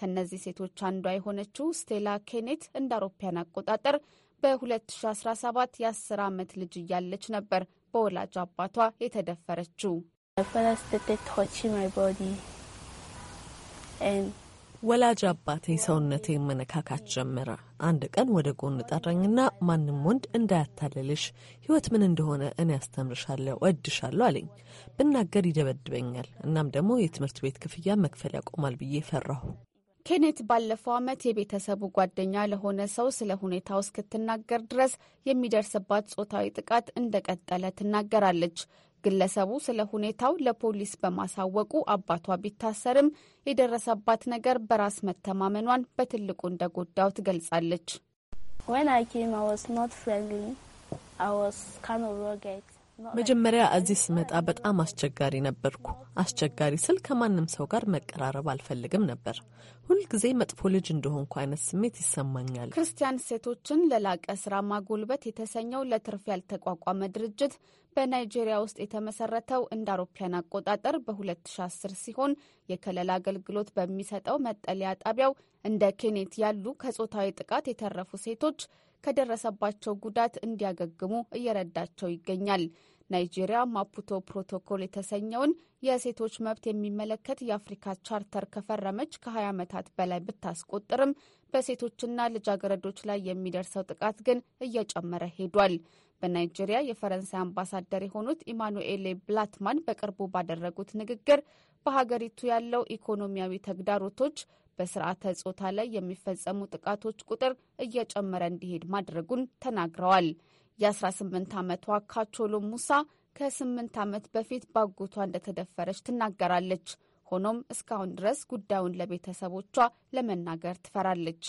ከነዚህ ሴቶች አንዷ የሆነችው ስቴላ ኬኔት እንደ አውሮፓያን አቆጣጠር በ2017 የ10 ዓመት ልጅ እያለች ነበር በወላጅ አባቷ የተደፈረችው። ወላጅ አባቴ ሰውነቴ መነካካት ጀመረ። አንድ ቀን ወደ ጎን ጠራኝና ማንም ወንድ እንዳያታልልሽ፣ ሕይወት ምን እንደሆነ እኔ አስተምርሻለሁ፣ እወድሻለሁ አለኝ። ብናገር ይደበድበኛል፣ እናም ደግሞ የትምህርት ቤት ክፍያ መክፈል ያቆማል ብዬ ፈራሁ። ኬኔት ባለፈው ዓመት የቤተሰቡ ጓደኛ ለሆነ ሰው ስለ ሁኔታው እስክትናገር ድረስ የሚደርስባት ጾታዊ ጥቃት እንደቀጠለ ትናገራለች። ግለሰቡ ስለ ሁኔታው ለፖሊስ በማሳወቁ አባቷ ቢታሰርም የደረሰባት ነገር በራስ መተማመኗን በትልቁ እንደጎዳው ትገልጻለች። መጀመሪያ እዚህ ስመጣ በጣም አስቸጋሪ ነበርኩ። አስቸጋሪ ስል ከማንም ሰው ጋር መቀራረብ አልፈልግም ነበር። ሁልጊዜ መጥፎ ልጅ እንደሆንኩ አይነት ስሜት ይሰማኛል። ክርስቲያን ሴቶችን ለላቀ ስራ ማጎልበት የተሰኘው ለትርፍ ያልተቋቋመ ድርጅት በናይጄሪያ ውስጥ የተመሰረተው እንደ አውሮፓውያን አቆጣጠር በ2010 ሲሆን የከለላ አገልግሎት በሚሰጠው መጠለያ ጣቢያው እንደ ኬኔት ያሉ ከጾታዊ ጥቃት የተረፉ ሴቶች ከደረሰባቸው ጉዳት እንዲያገግሙ እየረዳቸው ይገኛል። ናይጄሪያ ማፑቶ ፕሮቶኮል የተሰኘውን የሴቶች መብት የሚመለከት የአፍሪካ ቻርተር ከፈረመች ከ20 ዓመታት በላይ ብታስቆጥርም በሴቶችና ልጃገረዶች ላይ የሚደርሰው ጥቃት ግን እየጨመረ ሄዷል። በናይጄሪያ የፈረንሳይ አምባሳደር የሆኑት ኢማኑኤሌ ብላትማን በቅርቡ ባደረጉት ንግግር በሀገሪቱ ያለው ኢኮኖሚያዊ ተግዳሮቶች በስርዓተ ጾታ ላይ የሚፈጸሙ ጥቃቶች ቁጥር እየጨመረ እንዲሄድ ማድረጉን ተናግረዋል። የ18 ዓመቷ ካቾሎ ሙሳ ከ ከ8 ዓመት በፊት ባጎቷ እንደተደፈረች ትናገራለች። ሆኖም እስካሁን ድረስ ጉዳዩን ለቤተሰቦቿ ለመናገር ትፈራለች።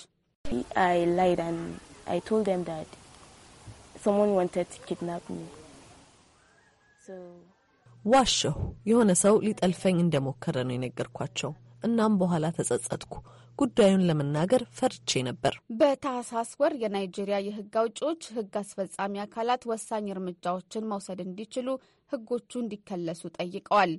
ዋሸሁ። የሆነ ሰው ሊጠልፈኝ እንደሞከረ ነው የነገርኳቸው። እናም በኋላ ተጸጸትኩ። ጉዳዩን ለመናገር ፈርቼ ነበር። በታህሳስ ወር የናይጄሪያ የህግ አውጪዎች ህግ አስፈጻሚ አካላት ወሳኝ እርምጃዎችን መውሰድ እንዲችሉ ህጎቹ እንዲከለሱ ጠይቀዋል።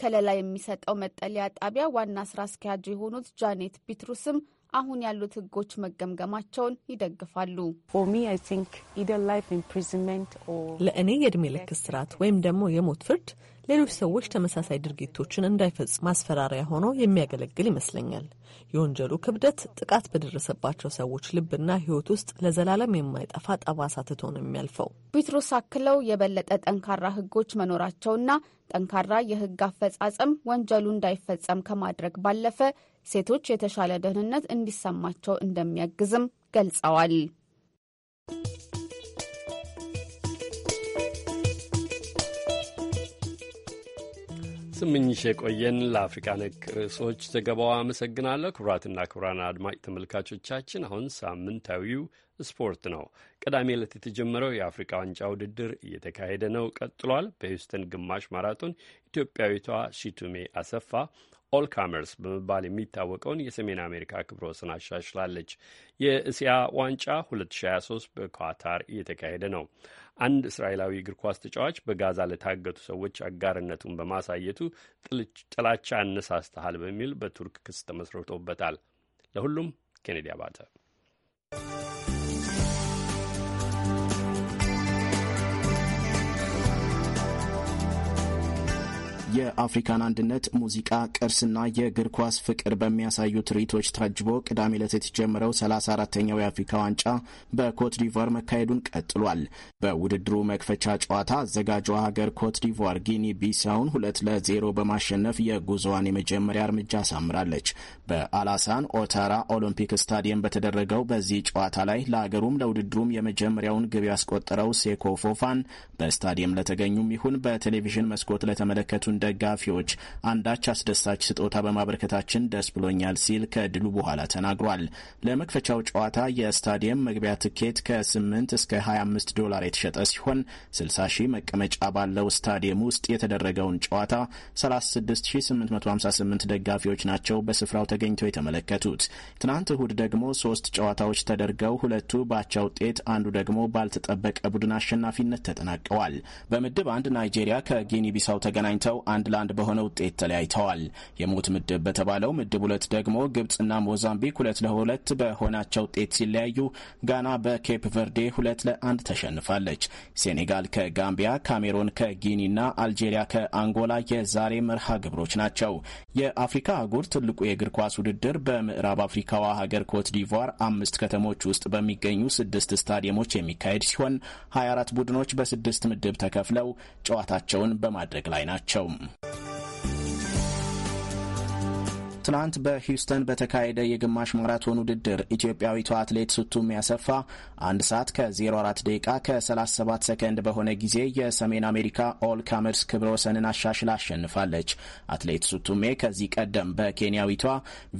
ከለላ የሚሰጠው መጠለያ ጣቢያ ዋና ስራ አስኪያጅ የሆኑት ጃኔት ፒትሩስም አሁን ያሉት ህጎች መገምገማቸውን ይደግፋሉ። ለእኔ የእድሜ ልክ እስራት ወይም ደግሞ የሞት ፍርድ ሌሎች ሰዎች ተመሳሳይ ድርጊቶችን እንዳይፈጽሙ ማስፈራሪያ ሆኖ የሚያገለግል ይመስለኛል። የወንጀሉ ክብደት ጥቃት በደረሰባቸው ሰዎች ልብና ህይወት ውስጥ ለዘላለም የማይጠፋ ጠባሳ ትቶ ነው የሚያልፈው። ቢትሮስ አክለው የበለጠ ጠንካራ ህጎች መኖራቸውና ጠንካራ የህግ አፈጻጸም ወንጀሉ እንዳይፈጸም ከማድረግ ባለፈ ሴቶች የተሻለ ደህንነት እንዲሰማቸው እንደሚያግዝም ገልጸዋል። ስምኝሽ የቆየን ለአፍሪቃ ነክ ርዕሶች ዘገባው አመሰግናለሁ። ክቡራትና ክቡራን አድማጭ ተመልካቾቻችን አሁን ሳምንታዊው ስፖርት ነው። ቅዳሜ ዕለት የተጀመረው የአፍሪቃ ዋንጫ ውድድር እየተካሄደ ነው፣ ቀጥሏል። በሂውስተን ግማሽ ማራቶን ኢትዮጵያዊቷ ሺቱሜ አሰፋ ኦልካመርስ በመባል የሚታወቀውን የሰሜን አሜሪካ ክብረ ወሰን አሻሽላለች። የእስያ ዋንጫ 2023 በኳታር እየተካሄደ ነው። አንድ እስራኤላዊ እግር ኳስ ተጫዋች በጋዛ ለታገቱ ሰዎች አጋርነቱን በማሳየቱ ጥላቻ አነሳስተሃል በሚል በቱርክ ክስ ተመስርቶበታል። ለሁሉም ኬኔዲ አባተ የአፍሪካን አንድነት ሙዚቃ፣ ቅርስና የእግር ኳስ ፍቅር በሚያሳዩ ትርኢቶች ታጅቦ ቅዳሜ ዕለት የተጀመረው 34ተኛው የአፍሪካ ዋንጫ በኮት ዲቫር መካሄዱን ቀጥሏል። በውድድሩ መክፈቻ ጨዋታ አዘጋጇ ሀገር ኮት ዲቫር ጊኒ ቢሳውን ሁለት ለዜሮ በማሸነፍ የጉዞዋን የመጀመሪያ እርምጃ አሳምራለች። በአላሳን ኦታራ ኦሎምፒክ ስታዲየም በተደረገው በዚህ ጨዋታ ላይ ለአገሩም ለውድድሩም የመጀመሪያውን ግብ ያስቆጠረው ሴኮ ፎፋን በስታዲየም ለተገኙም ይሁን በቴሌቪዥን መስኮት ለተመለከቱ የቡድን ደጋፊዎች አንዳች አስደሳች ስጦታ በማበረከታችን ደስ ብሎኛል ሲል ከድሉ በኋላ ተናግሯል። ለመክፈቻው ጨዋታ የስታዲየም መግቢያ ትኬት ከ8 እስከ 25 ዶላር የተሸጠ ሲሆን 60 ሺህ መቀመጫ ባለው ስታዲየም ውስጥ የተደረገውን ጨዋታ 36858 ደጋፊዎች ናቸው በስፍራው ተገኝተው የተመለከቱት። ትናንት እሁድ ደግሞ ሶስት ጨዋታዎች ተደርገው ሁለቱ በአቻ ውጤት፣ አንዱ ደግሞ ባልተጠበቀ ቡድን አሸናፊነት ተጠናቀዋል። በምድብ አንድ ናይጄሪያ ከጊኒ ቢሳው ተገናኝተው አንድ ለአንድ በሆነ ውጤት ተለያይተዋል። የሞት ምድብ በተባለው ምድብ ሁለት ደግሞ ግብፅና ሞዛምቢክ ሁለት ለሁለት በሆናቸው ውጤት ሲለያዩ ጋና በኬፕ ቨርዴ ሁለት ለአንድ ተሸንፋለች። ሴኔጋል ከጋምቢያ፣ ካሜሮን ከጊኒና አልጄሪያ ከአንጎላ የዛሬ መርሃ ግብሮች ናቸው። የአፍሪካ አህጉር ትልቁ የእግር ኳስ ውድድር በምዕራብ አፍሪካዋ ሀገር ኮት ዲቫር አምስት ከተሞች ውስጥ በሚገኙ ስድስት ስታዲየሞች የሚካሄድ ሲሆን 24 ቡድኖች በስድስት ምድብ ተከፍለው ጨዋታቸውን በማድረግ ላይ ናቸው። www.voaswahili.com. ትናንት በሂውስተን በተካሄደ የግማሽ ማራቶን ውድድር ኢትዮጵያዊቷ አትሌት ስቱሜ አሰፋ አንድ ሰዓት ከ04 ደቂቃ ከ37 ሰከንድ በሆነ ጊዜ የሰሜን አሜሪካ ኦል ካመርስ ክብረ ወሰንን አሻሽላ አሸንፋለች። አትሌት ስቱሜ ከዚህ ቀደም በኬንያዊቷ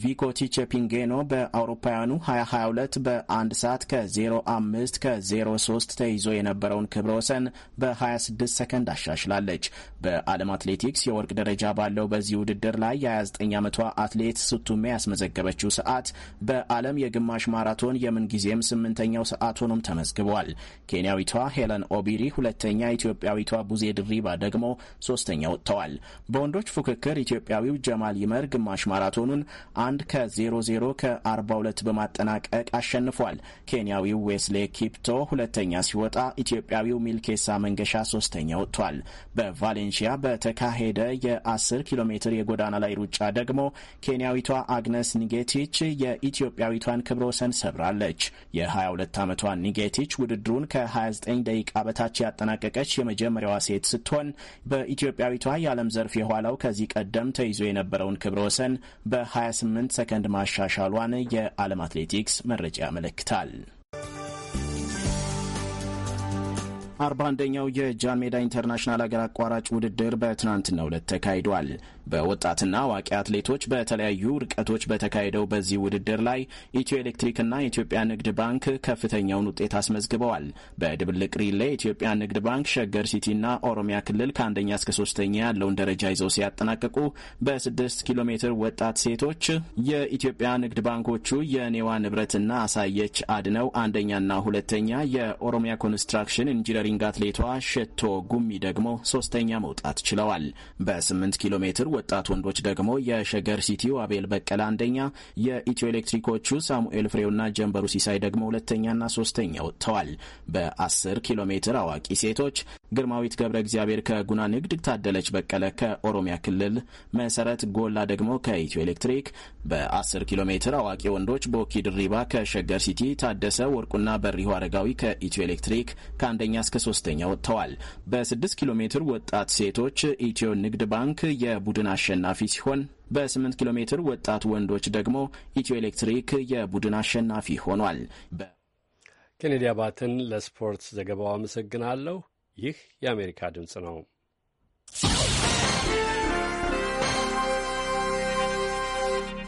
ቪኮቲ ቼፒንጌኖ በአውሮፓውያኑ 2022 በአንድ ሰዓት ከ05 ከ03 ተይዞ የነበረውን ክብረ ወሰን በ26 ሰከንድ አሻሽላለች። በዓለም አትሌቲክስ የወርቅ ደረጃ ባለው በዚህ ውድድር ላይ የ29 ዓመቷ አትሌት ስቱሜ ያስመዘገበችው ሰዓት በዓለም የግማሽ ማራቶን የምንጊዜም ስምንተኛው ሰዓት ሆኖም ተመዝግቧል። ኬንያዊቷ ሄለን ኦቢሪ ሁለተኛ፣ ኢትዮጵያዊቷ ቡዜ ድሪባ ደግሞ ሶስተኛ ወጥተዋል። በወንዶች ፉክክር ኢትዮጵያዊው ጀማል ይመር ግማሽ ማራቶኑን አንድ ከ00 ከ42 በማጠናቀቅ አሸንፏል። ኬንያዊው ዌስሌ ኪፕቶ ሁለተኛ ሲወጣ ኢትዮጵያዊው ሚልኬሳ መንገሻ ሶስተኛ ወጥቷል። በቫሌንሺያ በተካሄደ የ10 ኪሎ ሜትር የጎዳና ላይ ሩጫ ደግሞ ኬንያዊቷ አግነስ ኒጌቲች የኢትዮጵያዊቷን ክብረ ወሰን ሰብራለች። የ22 ዓመቷ ኒጌቲች ውድድሩን ከ29 ደቂቃ በታች ያጠናቀቀች የመጀመሪያዋ ሴት ስትሆን በኢትዮጵያዊቷ የዓለም ዘርፍ የኋላው ከዚህ ቀደም ተይዞ የነበረውን ክብረ ወሰን በ28 ሰከንድ ማሻሻሏን የዓለም አትሌቲክስ መረጃ ያመለክታል። አርባ አንደኛው የጃን ሜዳ ኢንተርናሽናል አገር አቋራጭ ውድድር በትናንትናው ዕለት ተካሂዷል። በወጣትና አዋቂ አትሌቶች በተለያዩ ርቀቶች በተካሄደው በዚህ ውድድር ላይ ኢትዮ ኤሌክትሪክና የኢትዮጵያ ንግድ ባንክ ከፍተኛውን ውጤት አስመዝግበዋል። በድብልቅ ሪሌ ኢትዮጵያ ንግድ ባንክ፣ ሸገር ሲቲና ኦሮሚያ ክልል ከአንደኛ እስከ ሶስተኛ ያለውን ደረጃ ይዘው ሲያጠናቅቁ በስድስት ኪሎ ሜትር ወጣት ሴቶች የኢትዮጵያ ንግድ ባንኮቹ የኔዋ ንብረትና አሳየች አድነው አንደኛና ሁለተኛ፣ የኦሮሚያ ኮንስትራክሽን ኢንጂነሪንግ አትሌቷ ሸቶ ጉሚ ደግሞ ሶስተኛ መውጣት ችለዋል። በስምንት ኪሎ ሜትር ወጣት ወንዶች ደግሞ የሸገር ሲቲው አቤል በቀለ አንደኛ፣ የኢትዮ ኤሌክትሪኮቹ ሳሙኤል ፍሬውና ጀንበሩ ሲሳይ ደግሞ ሁለተኛና ሶስተኛ ወጥተዋል። በ10 ኪሎ ሜትር አዋቂ ሴቶች ግርማዊት ገብረ እግዚአብሔር ከጉና ንግድ፣ ታደለች በቀለ ከኦሮሚያ ክልል፣ መሰረት ጎላ ደግሞ ከኢትዮ ኤሌክትሪክ። በ10 ኪሎ ሜትር አዋቂ ወንዶች ቦኪ ድሪባ ከሸገር ሲቲ፣ ታደሰ ወርቁና በሪሁ አረጋዊ ከኢትዮ ኤሌክትሪክ ከአንደኛ እስከ ሶስተኛ ወጥተዋል። በ6 ኪሎ ሜትር ወጣት ሴቶች ኢትዮ ንግድ ባንክ የቡድን ቡድን አሸናፊ ሲሆን በ8 ኪሎ ሜትር ወጣት ወንዶች ደግሞ ኢትዮ ኤሌክትሪክ የቡድን አሸናፊ ሆኗል። ኬኔዲ አባትን ለስፖርት ዘገባው አመሰግናለሁ። ይህ የአሜሪካ ድምፅ ነው።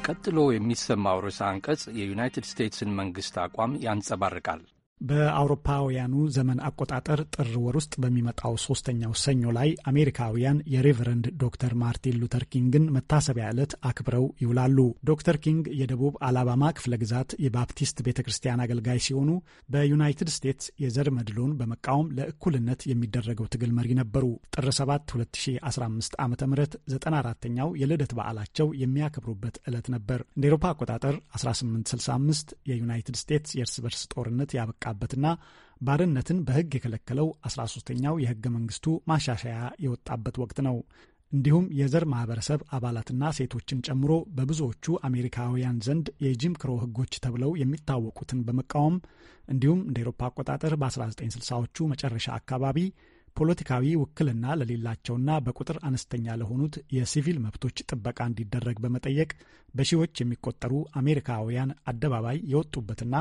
ቀጥሎ የሚሰማው ርዕሰ አንቀጽ የዩናይትድ ስቴትስን መንግሥት አቋም ያንጸባርቃል። በአውሮፓውያኑ ዘመን አቆጣጠር ጥር ወር ውስጥ በሚመጣው ሶስተኛው ሰኞ ላይ አሜሪካውያን የሬቨረንድ ዶክተር ማርቲን ሉተር ኪንግን መታሰቢያ ዕለት አክብረው ይውላሉ። ዶክተር ኪንግ የደቡብ አላባማ ክፍለ ግዛት የባፕቲስት ቤተ ክርስቲያን አገልጋይ ሲሆኑ በዩናይትድ ስቴትስ የዘር መድሎን በመቃወም ለእኩልነት የሚደረገው ትግል መሪ ነበሩ። ጥር 7 2015 ዓ ም 94ኛው የልደት በዓላቸው የሚያከብሩበት ዕለት ነበር። እንደ ኤሮፓ አቆጣጠር 1865 የዩናይትድ ስቴትስ የእርስ በርስ ጦርነት ያበቃ የወጣበትና ባርነትን በሕግ የከለከለው 13ኛው የሕገ መንግስቱ ማሻሻያ የወጣበት ወቅት ነው። እንዲሁም የዘር ማህበረሰብ አባላትና ሴቶችን ጨምሮ በብዙዎቹ አሜሪካውያን ዘንድ የጂም ክሮ ህጎች ተብለው የሚታወቁትን በመቃወም እንዲሁም እንደ ኤሮፓ አቆጣጠር በ1960ዎቹ መጨረሻ አካባቢ ፖለቲካዊ ውክልና ለሌላቸውና በቁጥር አነስተኛ ለሆኑት የሲቪል መብቶች ጥበቃ እንዲደረግ በመጠየቅ በሺዎች የሚቆጠሩ አሜሪካውያን አደባባይ የወጡበትና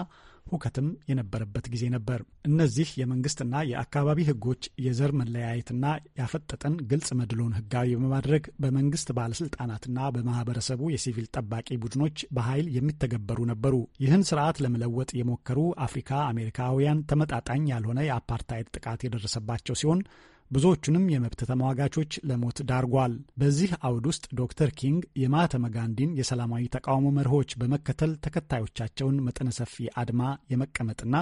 ሁከትም የነበረበት ጊዜ ነበር። እነዚህ የመንግስትና የአካባቢ ህጎች የዘር መለያየትና ያፈጠጠን ግልጽ መድሎን ህጋዊ በማድረግ በመንግስት ባለስልጣናትና በማህበረሰቡ የሲቪል ጠባቂ ቡድኖች በኃይል የሚተገበሩ ነበሩ። ይህን ስርዓት ለመለወጥ የሞከሩ አፍሪካ አሜሪካውያን ተመጣጣኝ ያልሆነ የአፓርታይድ ጥቃት የደረሰባቸው ሲሆን ብዙዎቹንም የመብት ተሟጋቾች ለሞት ዳርጓል። በዚህ አውድ ውስጥ ዶክተር ኪንግ የማህተመ ጋንዲን የሰላማዊ ተቃውሞ መርሆች በመከተል ተከታዮቻቸውን መጠነ ሰፊ አድማ የመቀመጥና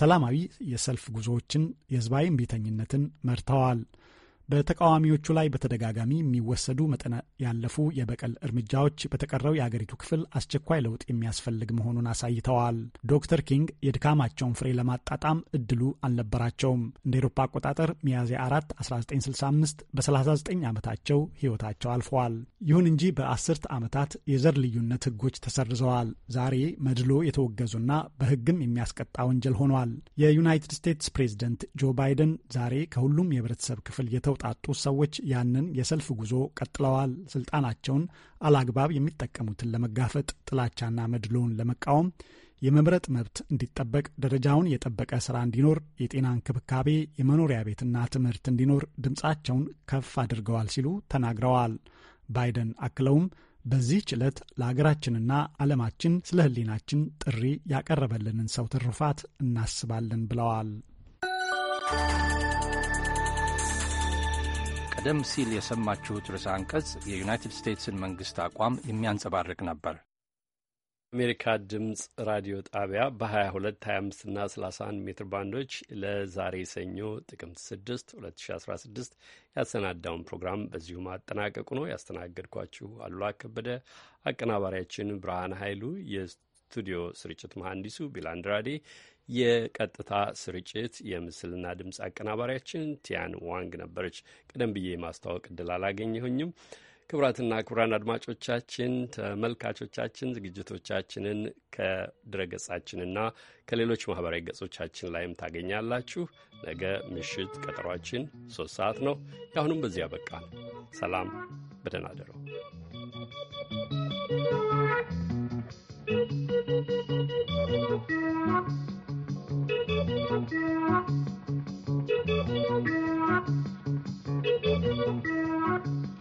ሰላማዊ የሰልፍ ጉዞዎችን፣ የህዝባዊ እምቢተኝነትን መርተዋል። በተቃዋሚዎቹ ላይ በተደጋጋሚ የሚወሰዱ መጠን ያለፉ የበቀል እርምጃዎች በተቀረው የአገሪቱ ክፍል አስቸኳይ ለውጥ የሚያስፈልግ መሆኑን አሳይተዋል። ዶክተር ኪንግ የድካማቸውን ፍሬ ለማጣጣም እድሉ አልነበራቸውም። እንደ ኤሮፓ አቆጣጠር ሚያዝያ 4 1965 በ39 ዓመታቸው ሕይወታቸው አልፈዋል። ይሁን እንጂ በአስርት ዓመታት የዘር ልዩነት ሕጎች ተሰርዘዋል። ዛሬ መድሎ የተወገዙና በሕግም የሚያስቀጣ ወንጀል ሆኗል። የዩናይትድ ስቴትስ ፕሬዝደንት ጆ ባይደን ዛሬ ከሁሉም የህብረተሰብ ክፍል የተው የተውጣጡት ሰዎች ያንን የሰልፍ ጉዞ ቀጥለዋል። ስልጣናቸውን አላግባብ የሚጠቀሙትን ለመጋፈጥ፣ ጥላቻና መድሎን ለመቃወም የመምረጥ መብት እንዲጠበቅ፣ ደረጃውን የጠበቀ ስራ እንዲኖር፣ የጤና እንክብካቤ፣ የመኖሪያ ቤትና ትምህርት እንዲኖር ድምፃቸውን ከፍ አድርገዋል ሲሉ ተናግረዋል። ባይደን አክለውም በዚህች ዕለት ለሀገራችንና ዓለማችን ስለ ሕሊናችን ጥሪ ያቀረበልንን ሰው ትሩፋት እናስባለን ብለዋል። ቀደም ሲል የሰማችሁት ርዕሰ አንቀጽ የዩናይትድ ስቴትስን መንግሥት አቋም የሚያንጸባርቅ ነበር። አሜሪካ ድምፅ ራዲዮ ጣቢያ በ22፣ 25 እና 31 ሜትር ባንዶች ለዛሬ ሰኞ ጥቅምት 6 2016 ያሰናዳውን ፕሮግራም በዚሁ ማጠናቀቁ ነው። ያስተናገድኳችሁ አሉላ ከበደ፣ አቀናባሪያችን ብርሃን ኃይሉ፣ የስቱዲዮ ስርጭት መሐንዲሱ ቢላንድራዴ የቀጥታ ስርጭት የምስልና ድምፅ አቀናባሪያችን ቲያን ዋንግ ነበረች። ቀደም ብዬ ማስተዋወቅ እድል አላገኘሁኝም። ክቡራትና ክቡራን አድማጮቻችን፣ ተመልካቾቻችን ዝግጅቶቻችንን ከድረገጻችንና ከሌሎች ማህበራዊ ገጾቻችን ላይም ታገኛላችሁ። ነገ ምሽት ቀጠሯችን ሶስት ሰዓት ነው። ያአሁኑም በዚህ ያበቃ። ሰላም፣ በደህና you